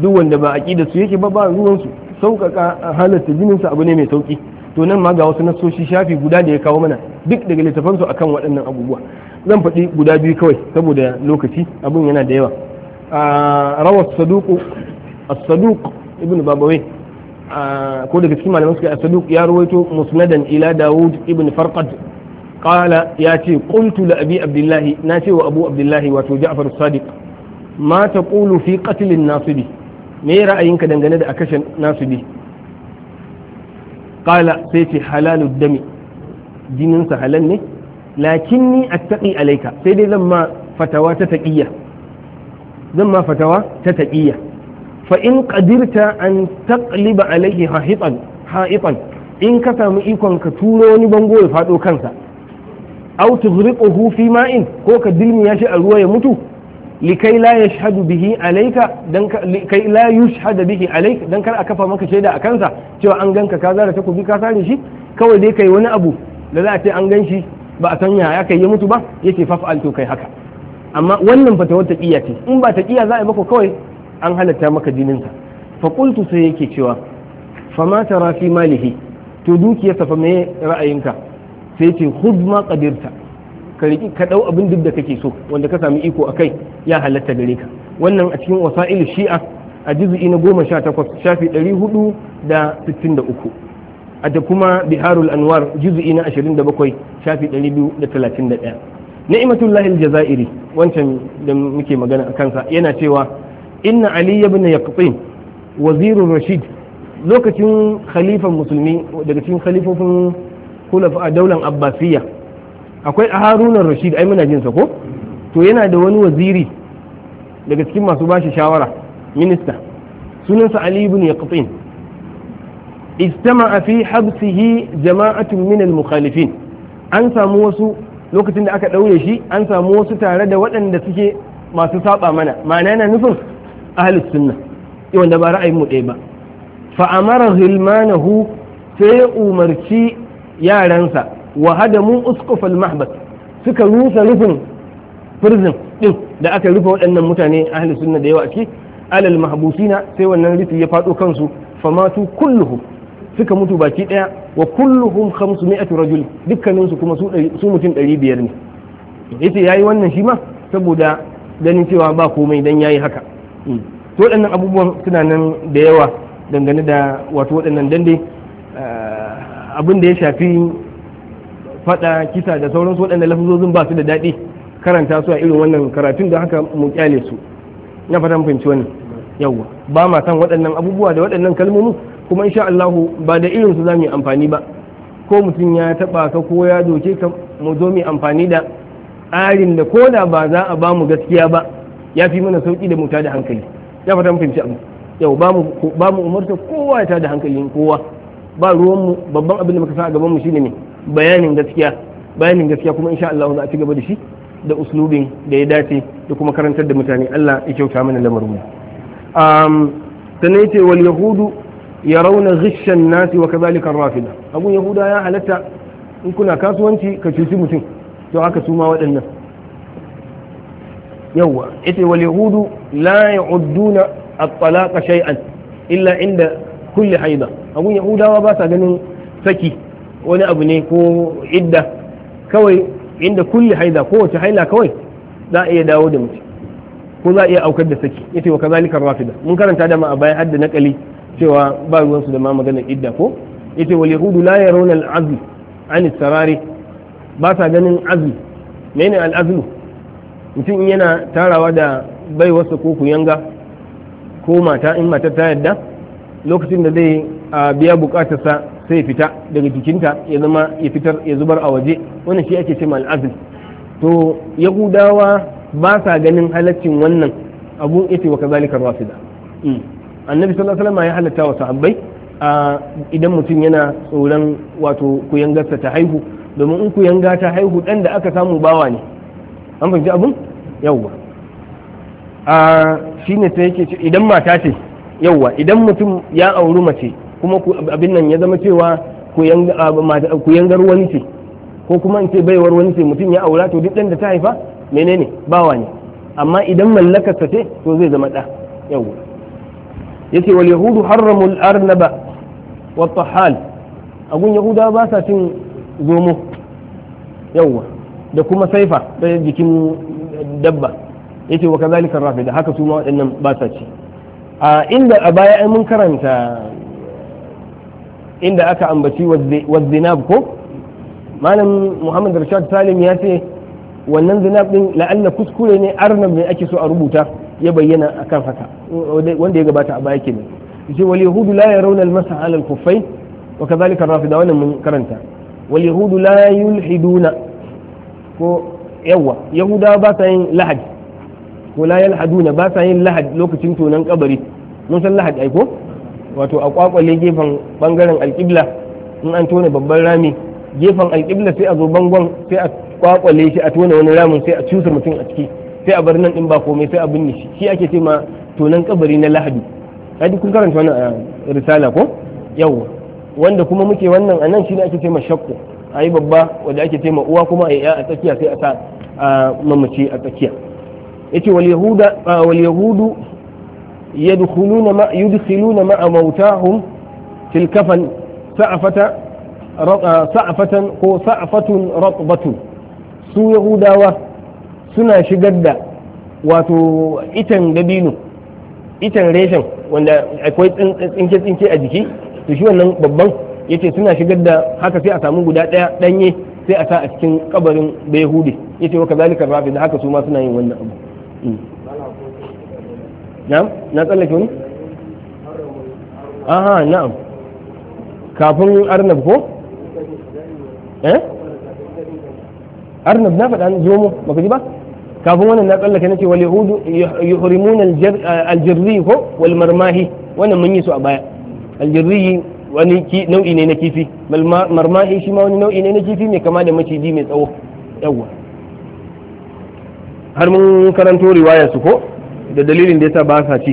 duk wanda ba da su yake ba ba ruwan su sauƙaƙa halatta jinin sa abu ne mai sauƙi to nan ma ga wasu nasoshi shafi guda da ya kawo mana duk daga littafan su akan waɗannan abubuwa zan faɗi guda biyu kawai saboda lokaci abun yana da yawa rawa saduku as-saduq ibn babawai ko daga cikin malaman suka as-saduq ya rawaito musnadan ila Dawud ibn farqad qala ya ce qultu la abi abdullahi na ce wa abu abdullahi wato ja'far as-sadiq ma taqulu fi qatl an-nasibi me ya ra'ayinka dangane da a kashe nasu bi Kala sai ce halalud dami jininsa halal ne lakinni attaqi alaika sai dai zan ma fatawa ta taƙiyya. zan ma fatawa ta taqiyya fa in ƙadirta an taqliba alaihi haifan haifan in ka samu ikon ka turo wani bango ya fado kansa aw tuzriquhu fi ma'in ko ka dilmiya shi a ruwa ya mutu likai la yashhadu bihi alayka dan kai kar a kafa maka shaida a kansa cewa an ganka ka zara takobi ka sare shi kawai dai kai wani abu da za a ce an gan shi ba a san ya kai ya mutu ba yace faf'al to kai haka amma wannan fata wata kiya ce in ba ta kiya za a yi maka kawai an halatta maka jinin sa fa qultu sai yake cewa fama tara fi malihi to dukiyarsa fa me ra'ayinka sai ce khudh ma qadirta ka riki ka abin duk da kake so wanda ka sami iko a kai ya halatta gare ka wannan a cikin wasa'il shi'a a juz'i na takwas shafi uku, a da kuma biharul anwar juz'i na bakwai shafi 231 ni'matullahi jaza'iri wancan da muke magana a kansa yana cewa inna ali ibn yaqtin wazirur rashid lokacin khalifan musulmi daga cikin khalifofin kulafa a daular abbasiyya akwai a harunan rashid ai muna jinsa ko to yana da wani waziri daga cikin masu bashi shawara minista sunansa ali ibn yaqtin istama'a fi habsihi jama'atun min al-mukhalifin an samu wasu lokacin da aka daure shi an samu wasu tare da waɗanda suke masu saba mana ma'ana yana nufin ahlus sunna wanda ba ra'ayin mu ɗaya ba fa amara hilmanahu sai umarci yaransa wa hadamu usquf al-mahbas suka rusa rufin prison din da aka rufe waɗannan mutane ahli sunna da yawa ake? alal mahbusina sai wannan rufi ya faɗo kansu famatu kulluhum suka mutu baki ɗaya wa kulluhum 500 rajul dukkanin su kuma su mutum 500 ne yace yayi wannan shi ma saboda ganin cewa ba komai dan yayi haka mm. to waɗannan abubuwan suna nan da yawa dangane da wato waɗannan dande eh, abin da ya shafi fada kisa da sauransu waɗanda lafazozin ba su da daɗi karanta su a irin wannan karatun da haka mu kyale su na fatan fahimci wannan yawa ba ma san waɗannan abubuwa da waɗannan kalmomin kuma insha Allah ba da irin su zamu yi amfani ba ko mutum ya taba ka ko ya doke ka mu zo mu amfani da tsarin da ko da ba za a ba mu gaskiya ba ya fi mana sauki da mu da hankali ya fatan fahimci abu yau ba mu umarta kowa ya da hankalin kowa ba ruwanmu babban abin da muka sa a gaban mu shine ne bayanin gaskiya bayanin gaskiya kuma insha Allah za a ci gaba da shi da uslubin da ya dace da kuma karantar da mutane Allah ya kyauta mana lamarin mu um sannan yace wal yahudu yarawna ghishan nasi wa kadhalika rafida abun yahuda ya halatta in kuna kasuwanci ka cuci mutum to haka su ma waɗannan yawa Ita wal yahudu la yu'duna at-talaqa shay'an illa inda kulli haida abun yahudawa ba sa ganin saki wani abu ne ko idda kawai inda kulli haida kowace haila kawai za a iya dawo da mutum ko za a iya aukar da saki ce wa kazalika rafida mun karanta da ma a baya hadda nakali cewa ba ruwan su da ma maganar idda ko ce wal yahudu la yarawna al azl an sarari ba sa ganin azl menene al azl mutum yana tarawa da baiwarsa ko kuyanga ko mata in matar ta yadda lokacin da zai biya bukatarsa sai ya fita daga jikinta ya zama ya fitar ya zubar a waje wannan shi ake cewa al'azl to yahudawa ba sa ganin halaccin wannan abun yace wa kazalika rafida hmm. annabi sallallahu alaihi wasallam ya halatta wa sahabbai idan mutum yana tsoron wato kuyangarsa ta haihu domin in yanga ta haihu dan da aka samu bawa ne an fahimci abun yawwa a shine sai yake idan mata ce yawwa idan mutum ya auri mace kuma abin nan ya zama cewa ku yangar wani ce ko kuma in ce baiwar wani ce mutum ya aura to duk ɗan da ta haifa menene bawa ne amma idan ta ce to zai zama ɗa yawo yace wal yahudu harramu al arnaba wa tahal agun yahuda ba sa cin zomo yawa da kuma saifa da jikin dabba yace wa kazalika rafida haka su ma waɗannan ba sa ci a inda a baya ai mun karanta inda aka ambaci wazinab ko malam muhammad rashad salim ya ce wannan zinab din la'alla kuskure ne arnab ne ake so a rubuta ya bayyana akan haka wanda ya gabata a baya kenan yace wal yahudu la yarawna al masah ala al khuffain wa kadhalika rafida wannan mun karanta wal yahudu la yulhiduna ko yawa yahuda ba sa yin lahad ko la yalhaduna ba sa yin lahad lokacin tonan kabari mun san lahad ai ko wato a kwakwale gefen bangaren alƙibla in an tona babban rami gefen alƙibla sai a zo bangon sai a kwakwale shi a tone wani ramin sai a cusa mutum a ciki sai a bar nan din ba komai sai a binne shi shi ake ce tonan kabari na lahadi hadi kun karanta wannan a risala ko yawa wanda kuma muke wannan a nan shine ake ce ma shakku ayi babba wanda ake ce uwa kuma a yi a tsakiya sai a sa mamaci a tsakiya yace wal yahuda wal yahudu يدخلون مع يدخلون مع موتاهم في الكفن سعفة سعفة ko sa'fatun ratbatun su suna shigar da wato itan dabino itan reshen wanda akwai tsinke-tsinke a jiki to shi wannan babban yace suna shigar da haka sai a samu guda ɗaya ɗanye sai a sa a cikin kabarin bai yahudi yace wa kazalika rafi da haka su ma suna yin wannan abu na'am na tsallake wani aha na'am kafin arnab ko eh arnab na faɗa zomo baka ji ba kafin wannan na tsallake na ce wal yahudu yuhrimuna al jirri ko wal marmahi wannan mun yi su a baya al jirri wani nau'i ne na kifi marmahi shi ma wani nau'i ne na kifi mai kama da maciji mai tsawo yawa har mun karanto riwayar su ko da dalilin da yasa ba sa ci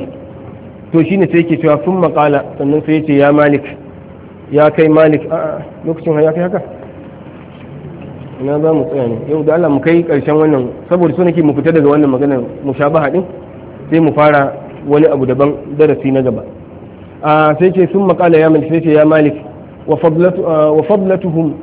to shine sai yake cewa sun makala sannan sai yace ya malik ya kai malik a lokacin ya kai haka ina za mu tsaya ne yau da Allah mu kai karshen wannan saboda so nake mu fita daga wannan maganar mu mushabaha din sai mu fara wani abu daban darasi na gaba a sai ce sun makala ya malik sai ce ya malik wa fadlatuhum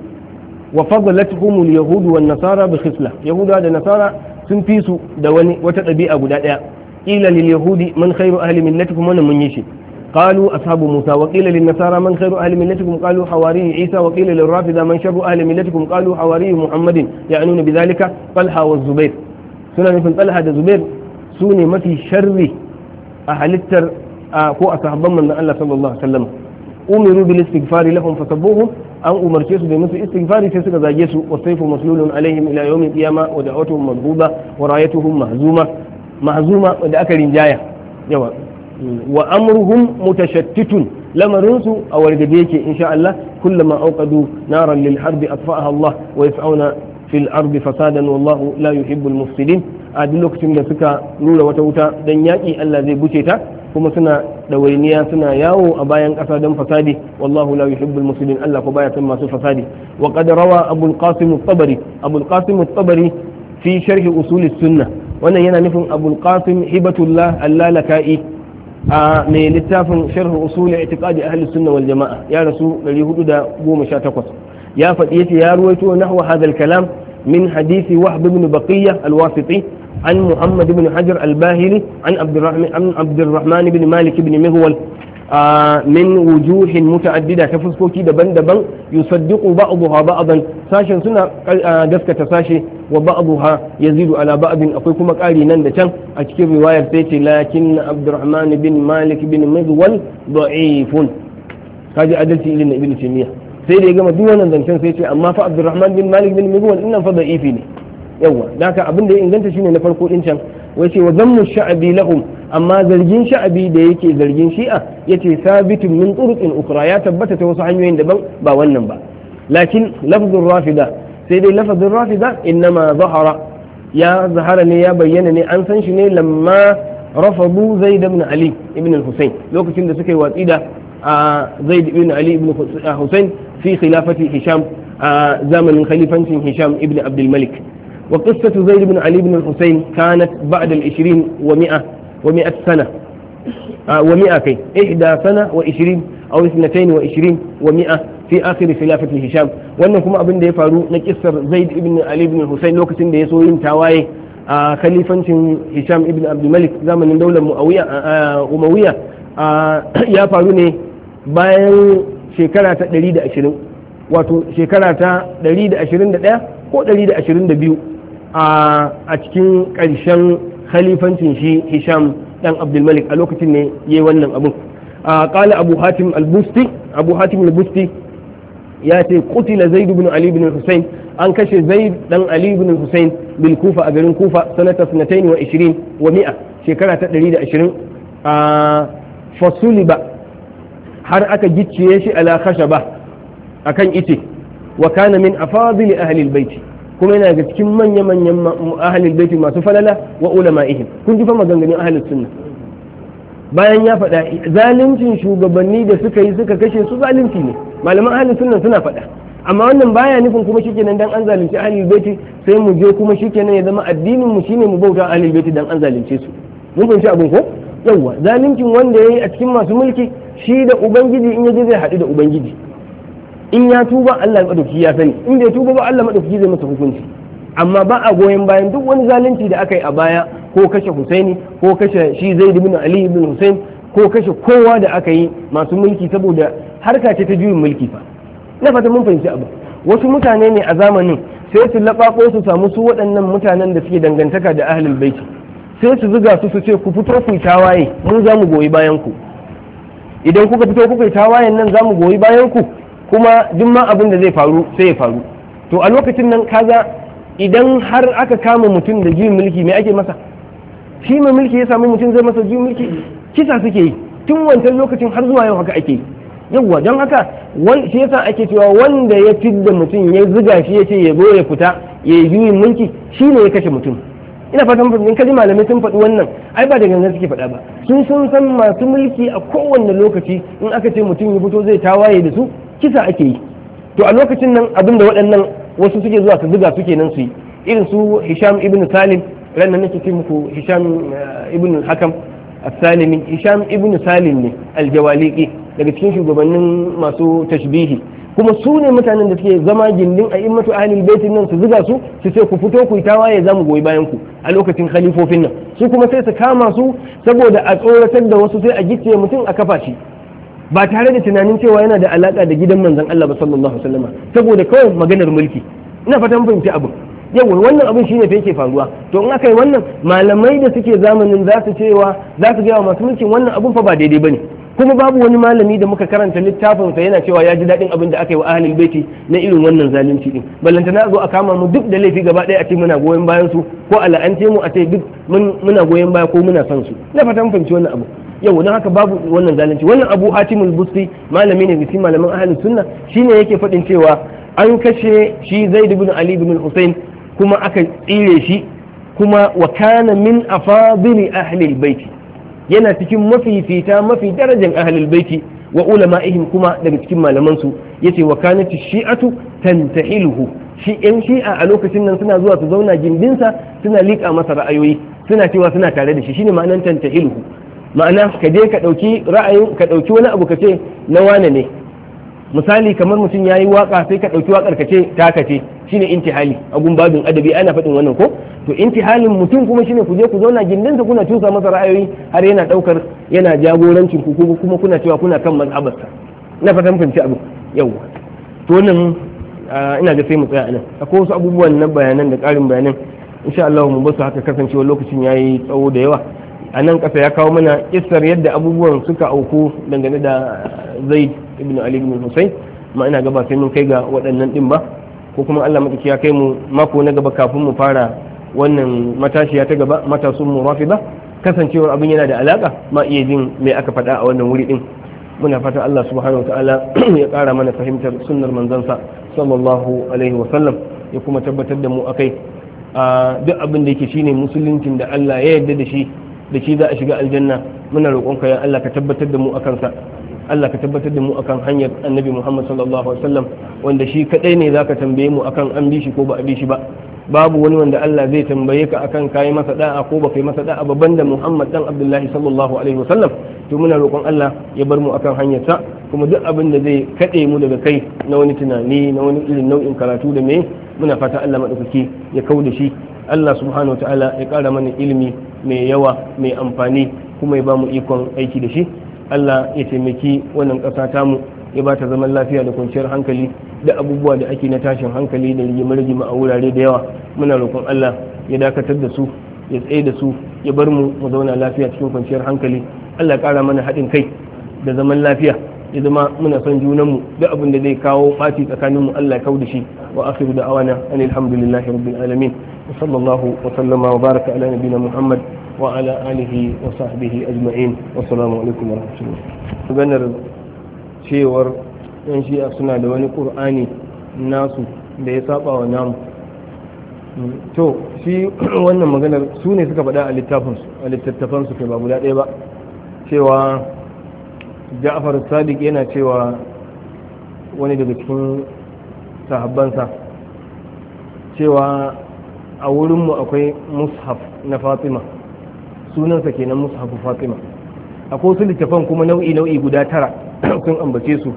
wa fadlatuhum al-yahud wan nasara bi khisla yahuda da nasara sun fi su da wani wata ɗabi'a guda ɗaya qila lil yahudi man khairu ahli millatikum wannan mun yi shi قالوا أصحاب موسى وقيل للنصارى من خير أهل ملتكم قالوا حواري عيسى وقيل للرافضة من شر أهل ملتكم قالوا حواري محمد يعنون بذلك طلحة والزبير سنة مثل طلحة والزبير سوني ما في شر أهل التر أكو أصحاب من الله صلى الله عليه وسلم أمروا بالاستغفار لهم فسبوهم أن أمر كيسو بمثل استغفار كيسو كذا جيسو والسيف مسلول عليهم إلى يوم القيامة ودعوتهم مضبوبة ورايتهم مهزومة ma'zuma wanda aka rinjaya yawa wa amruhum mutashattitun lamarinsu a wargabe yake insha Allah kullama auqadu naran lil harbi atfa'aha Allah wa yas'auna fil ardi fasadan wallahu la yuhibbul mufsidin a duk lokacin da suka nura wata wuta dan yaki Allah zai buce ta kuma suna dawainiya suna yawo a bayan ƙasa don fasadi wallahu la yuhibbul muslimin Allah ko baya son masu fasadi wa qad rawa abul qasim at-tabari abul qasim tabari fi sharhi usul sunnah wannan yana nufin abul qasim hibatullah allalaka'i a mai littafin sharh usul i'tiqadi ahli sunna wal jamaa ya rasu 418 ya faɗi yace ya ruwaito nahwa hadha al kalam min hadisi wahb ibn baqiyyah al wasiti عن محمد بن حجر الباهلي عن عبد الرحمن عن عبد الرحمن بن مالك بن مغول min wujuhin muta'addida ta fuskoki daban-daban yusaddiqu ba'daha ba'dan sashen suna gaskata sashe wa ba'daha yazidu ala ba'din akwai kuma ƙari nan da can a cikin riwayar sai ce lakin Abdurrahman bin Malik bin Mizwal da'ifun kaji adalci ilin ibn Taymiyyah sai da ya gama duk wannan zancen sai ce amma fa Abdurrahman bin Malik bin Mizwal innan fa da'ifi ne yawa da haka abin da ya inganta shine na farko din can wace wa zammu sha'abi lahum amma zargin sha'abi da yake zargin shi'a yace sabitun min turuqin ukra ya tabbata ta wasu hanyoyin daban ba wannan ba lakin lafzun rafida sai dai lafazin rafida ma zahara ya zahara ne ya bayyana ne an san shi ne lamma rafadu zaid ibn ali ibn al-husayn lokacin da suka yi watsi da zaid ibn ali ibn husayn fi khilafati hisham a zamanin khalifancin hisham ibn abdul malik وقصة زيد بن علي بن الحسين كانت بعد العشرين ومئة ومئة سنة آه ومئة كي إحدى سنة وعشرين أو اثنتين وعشرين ومئة في آخر خلافة هشام وأنكم أبن دي فارو نكسر زيد بن علي بن الحسين لو كسن دي سوين تاواي آه خليفة هشام بن عبد الملك زمن دولة مؤوية آه أموية يا فارو ني bayan shekara ta 120 wato shekara ta 121 ko 122 a cikin ƙarshen khalifancin shi hisham ɗan abdulmalik a lokacin ne ya yi wannan abin ƙala abu hatim al-busti abu hatim al-busti ya ce kutila zaid ibn ali ibn husayn an kashe zaid dan ali ibn husayn bil kufa a garin kufa sanata 22 wa mi'a shekara ta 120 a fasuliba har aka gicciye shi ala khashaba akan ice wa kana min afadil ahli al-baiti kuma yana ga cikin manya-manyan ahalin baiti masu falala wa ihim kun ji fa maganganun ahalin sunna bayan ya faɗa zaluncin shugabanni da suka yi suka kashe su zalunci ne malaman ahalin sunna suna faɗa amma wannan baya nufin kuma shikenan dan an zalunci ahalin baiti sai mu je kuma shikenan ya zama addinin mu shine mu bauta ahalin baiti dan an zalunce su mun fahimci abin ko yawwa zaluncin wanda yayi a cikin masu mulki shi da ubangiji in yaje zai haɗu da ubangiji in ya tuba Allah madauki ya sani in bai tuba ba Allah madauki zai masa hukunci amma ba a goyon bayan duk wani zalunci da aka yi a baya ko kashe Husaini ko kashe shi Zaid ibn Ali bin Husain ko kashe kowa da aka yi masu mulki saboda harka ce ta juyin mulki fa na fata mun fahimci abu wasu mutane ne a zamanin sai su laɓaɓo su samu su waɗannan mutanen da suke dangantaka da ahlul baiti sai su zuga su su ce ku fito ku tawaye mun za mu goyi bayan ku idan kuka fito kuka tawayen nan za mu goyi bayan ku kuma duk ma abin da zai faru sai ya faru to a lokacin nan kaza idan har aka kama mutum da juyin mulki me ake masa shi mai mulki ya samu mutum zai masa juyin mulki kisa suke yi tun wancan lokacin har zuwa yau haka ake yawwa don haka shi yasa ake cewa wanda ya da mutum ya ziga shi ya ce ya zo ya fita ya yi juyin mulki shi ne ya kashe mutum ina fatan in kaji malamai sun faɗi wannan ai ba da gangan suke faɗa ba sun sun san masu mulki a kowanne lokaci in aka ce mutum ya fito zai tawaye da su kisa ake yi to a lokacin nan abin da waɗannan wasu suke zuwa su buga suke nan su yi irin su hisham ibn salim ranar nake ce muku hisham eh, ibn hakam as-salimi hisham ibn salim ne aljawaliki daga cikin shugabannin masu tashbihi kuma su ne mutanen da suke zama gindin a immatu ahlul baitin nan su ziga su su ce ku fito ku tawaye za mu goyi bayan ku a lokacin khalifofin nan su kuma sai su kama su saboda a tsoratar da wasu sai a gicce mutum a kafa shi ba tare da tunanin cewa yana da alaka da gidan manzon Allah ba sallallahu alaihi wasallam saboda kawai maganar mulki ina fatan fahimci abu yawa wannan abin shine fa yake faruwa to in aka wannan malamai da suke zamanin za su cewa za su ga masu mulkin wannan abun fa ba daidai bane kuma babu wani malami da muka karanta littafin sa yana cewa ya ji daɗin abin da aka yi wa ahlul baiti na irin wannan zalunci din ballanta na zo a kama mu duk da laifi gaba ɗaya a ce muna goyon bayan su ko a la'ance mu a ce duk muna goyon baya ko muna son su na fata mun wannan abu yau don haka babu wannan zalunci wannan abu hatimul busti malami ne bisi malaman ahlus sunna shine yake faɗin cewa an kashe shi zaid ibn ali ibn husain kuma aka tsire shi kuma wa kana min afadili ahlil baiti yana cikin mafi fita mafi darajan ahlul baiti wa ulama'ihim kuma daga cikin malaman su yace wa kanat shi'atu tantahiluhu shi yan shi'a a lokacin nan suna zuwa su zauna sa, suna liƙa masa ra'ayoyi suna cewa suna tare da shi shine ma'anar tantahiluhu ma'ana ka je ka ɗauki ra'ayin ka ɗauki wani abu ka ce na wane ne misali kamar mutum ya yi waka sai ka dauki wakar ka ce taka ce shine intihali a gumbabin adabi ana faɗin wannan ko to intihalin mutum kuma shine ku je ku zauna gindin sa kuna tusa masa ra'ayoyi har yana daukar yana jagorancin ku kuma kuna cewa kuna kan mazhabarsa na fatan fahimci abu yawa to nan ina ga sai mu tsaya nan akwai wasu abubuwan na bayanan da ƙarin bayanan insha Allah mu basu haka kasancewa lokacin ya yi tsawo da yawa a nan ƙasa ya kawo mana kissar yadda abubuwan suka auku dangane da zai ibn ali ibn husayn ma ina gaba sai mun kai ga waɗannan din ba ko kuma Allah madaki ya kai mu mako na gaba kafin mu fara wannan matashiya ta gaba matasun mu rafida kasancewar abin yana da alaka ma iya jin me aka faɗa a wannan wuri din muna fata Allah subhanahu wa ta'ala ya kara mana fahimtar sunnar manzansa sallallahu alaihi wa sallam ya kuma tabbatar da mu akai duk abin da yake shine musuluncin da Allah ya yarda da shi da shi za a shiga aljanna muna roƙonka ya Allah ka tabbatar da mu akan sa Allah ka tabbatar da mu akan hanyar annabi Muhammad sallallahu alaihi wasallam wanda shi kadai ne zaka tambaye mu akan an bi shi ko ba a bi shi ba babu wani wanda Allah zai tambaye ka akan kayan masa da'a ko ba kai masa da'a ba banda Muhammad dan Abdullahi sallallahu alaihi wasallam to muna roƙon Allah ya bar mu akan hanyar sa kuma duk abin da zai kade mu daga kai na wani tunani na wani irin nau'in karatu da me muna fata Allah madaukaki ya kauda shi Allah subhanahu wa ta'ala ya kara mana ilimi mai yawa mai amfani kuma ya ba mu ikon aiki da shi Allah ya taimaki wannan ƙasa tamu ya ba ta zaman lafiya da kwanciyar hankali da abubuwa da ake na tashin hankali da rigima-rigima a wurare da yawa muna roƙon Allah ya dakatar da su ya tsaye da su ya bar mu mu zauna lafiya cikin kwanciyar hankali Allah ƙara mana haɗin kai da zaman lafiya ya zama muna son mu duk abin da zai kawo ɓaci tsakaninmu Allah ya kau da shi wa akhiru da'awana anil hamdulillahi rabbil alamin وصلى الله وسلم وبارك على نبينا محمد وعلى آله وصحبه أجمعين والسلام عليكم ورحمة الله maganar cewar yan shi'a suna da wani ƙur'ani nasu da ya saba namu to shi wannan maganar su ne suka faɗa a littattafansu ba guda ɗaya ba cewa ja'far sadiq yana cewa wani daga cikin sahabbansa cewa a wurinmu akwai mushaf na fatima sunansa kenan mushafu fatima akwai wasu littafan kuma nau'i nau'i guda tara sun ambace su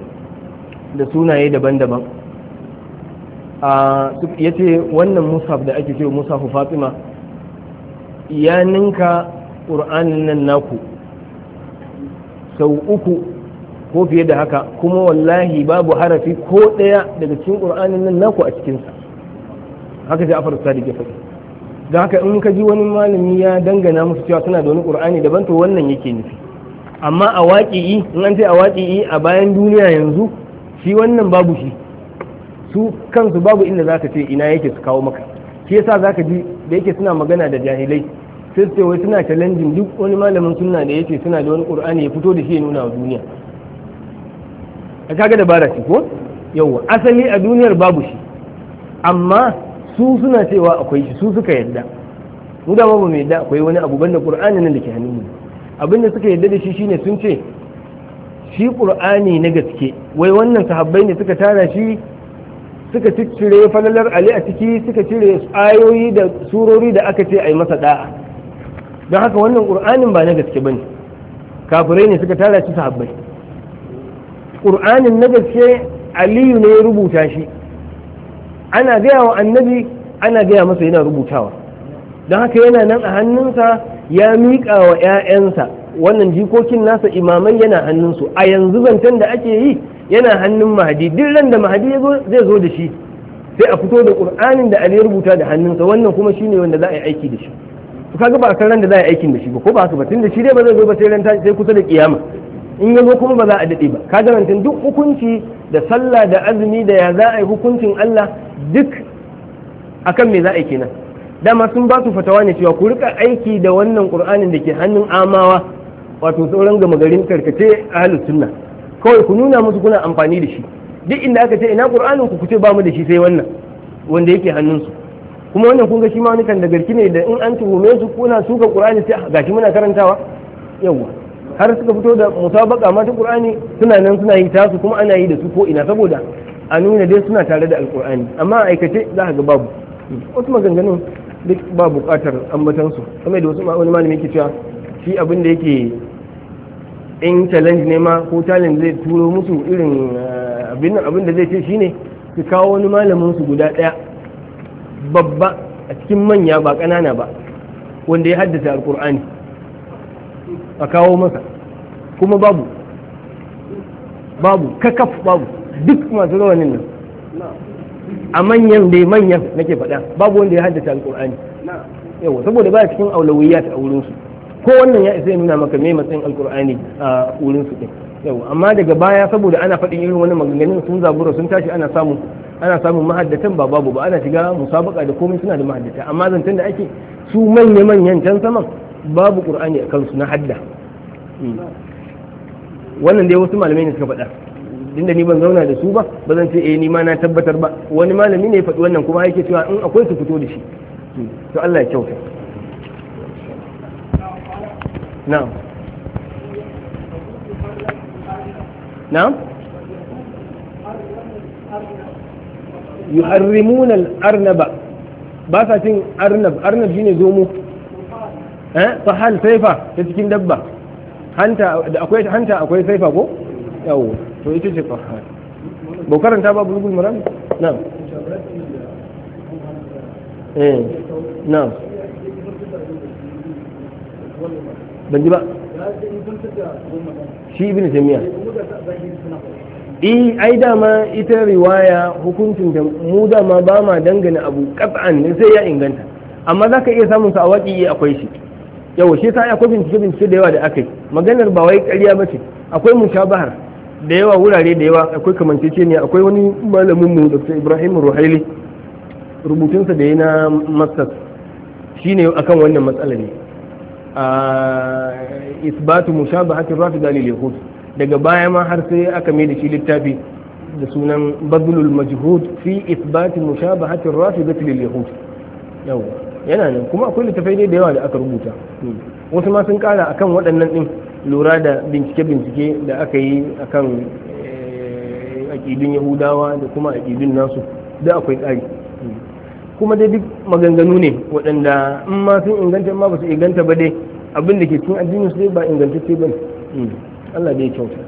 da sunaye daban-daban ya ce wannan mushaf da ake cewa mushafu fatima ya ninka ƙur'anin nan naku sau uku ko fiye da haka kuma wallahi babu harafi ko ɗaya daga cikin ƙur'anin nan naku a cikinsa haka Ja'far Sadiq ya faɗi dan haka in ka ji wani malami ya dangana musu cewa suna da wani Qur'ani daban to wannan yake nufi amma a waƙi'i in an ce a waƙi'i a bayan duniya yanzu shi wannan babu shi su kansu babu inda za ka ce ina yake su kawo maka shi yasa zaka ji da yake suna magana da jahilai sai su ce wai suna challenging duk wani malamin sunna da yake suna da wani qur'ani ya fito da shi ya nuna wa duniya a kaga dabara shi ko yawwa asali a duniyar babu shi amma su suna cewa akwai shi su suka yadda mu da ba mu yadda akwai wani abu banda qur'ani nan da ke hannun mu abin da suka yadda da shi shine sun ce shi qur'ani na gaske wai wannan sahabbai ne suka tara shi suka cire falalar ali a ciki suka cire ayoyi da surori da aka ce a yi masa da'a don haka wannan qur'anin ba na gaske bane kafirai ne suka tara shi sahabbai qur'anin na gaske aliyu ne ya rubuta shi ana gaya wa annabi ana gaya masa yana rubutawa don haka yana nan a hannunsa ya miƙa wa 'ya'yansa wannan jikokin nasa imamai yana hannunsu a yanzu zancen da ake yi yana hannun mahadi duk ran da mahadi zai zo da shi sai a fito da ƙur'anin da ali rubuta da hannunsa wannan kuma shine wanda za a yi aiki da shi Ka ga ba a san ran da za a yi aikin da shi ba ko ba haka ba tun da shi dai ba zai zo ba sai ran sai kusa da kiyama in yazo kuma ba za a daɗe ba ka garantin duk hukunci da sallah da azumi da ya za a yi hukuncin Allah duk akan me za a yi kenan dama sun ba su fatawa ne cewa ku rika aiki da wannan qur'anin da ke hannun amawa wato sauran gama garin karkace ahlus sunna kawai ku nuna musu kuna amfani da shi duk inda aka ce ina qur'anin ku kuce ba mu da shi sai wannan wanda yake hannunsu kuma wannan kun ga shi ma wani kan da garki ne da in an tuhume su kuna suka qur'ani sai gashi muna karantawa yawwa har suka fito da musabaka ma ta qur'ani suna nan suna yi tasu kuma ana yi da su ko ina saboda a nuna dai suna tare da alqur'ani amma a aikace za ka ga babu wasu maganganun duk ba buƙatar ambatan su kamar da wasu wani malami yake cewa shi abin da yake in challenge ne ma ko challenge zai turo musu irin eh, abin da zai ce shine su kawo wani malamin su guda ɗaya babba a cikin manya ba ƙanana ba wanda ya haddasa alkur'ani a kawo masa kuma babu babu kakaf babu duk masu rawanin nan a manyan da manyan nake faɗa babu wanda ya haddace alƙur'ani yawa saboda ba cikin aulawiyat a wurinsu ko wannan ya isa ya nuna maka me matsayin alƙur'ani a wurinsu ɗin yawa amma daga baya saboda ana faɗin irin wani maganganun sun zabura sun tashi ana samun ana samun mahaddatan ba babu ba ana shiga musabaka da komai suna da mahaddata amma zantan da ake su manya manyan can saman babu qur'ani a kansu na hadda wannan dai wasu malamai ne suka faɗa dinda ni ban zauna da su ba ba zan ce eh ni ma na tabbatar ba wani malami ne ya faɗi wannan kuma yake cewa in akwai su fito da shi to Allah ya kyauta na'am na'am yuharrimuna al-arnaba ba sa cin arnab arnab shine zomo eh fa hal saifa ta cikin dabba hanta akwai hanta akwai saifa ko yawo to ita ce fa hal ba karanta ba bulugul maram na'am eh na'am ban ji ba shi ibn jamia eh ai dama ita riwaya hukuncin da mu dama ba ma dangane abu kat'an sai ya inganta amma zaka iya samun sa a waƙi akwai shi yau shi ta akwai bincike bincike da yawa da aka yi maganar ba wai ƙarya ba ce akwai mushabahar da yawa wurare da yawa akwai kamancece ne akwai wani malamin mu dr ibrahim ruhaili rubutunsa da ya na shine akan wannan matsalar ne a isbatu mushabahatin rafida lil yahud daga baya ma har sai aka mai da shi littafi da sunan bazlul majhud fi isbatu mushabahatin rafida lil yahud yawa yana nan kuma akwai littafai dai da yawa da aka rubuta wasu ma sun kara akan waɗannan ɗin lura da bincike-bincike da aka yi akan eh, aƙidun yahudawa da kuma aƙidun nasu da akwai ƙari kuma dai duk maganganu ne waɗanda in ma sun inganta ma ba su inganta ba dai abin da ke cikin addinin su dai ba ingantacce ba ne Allah dai kyauta.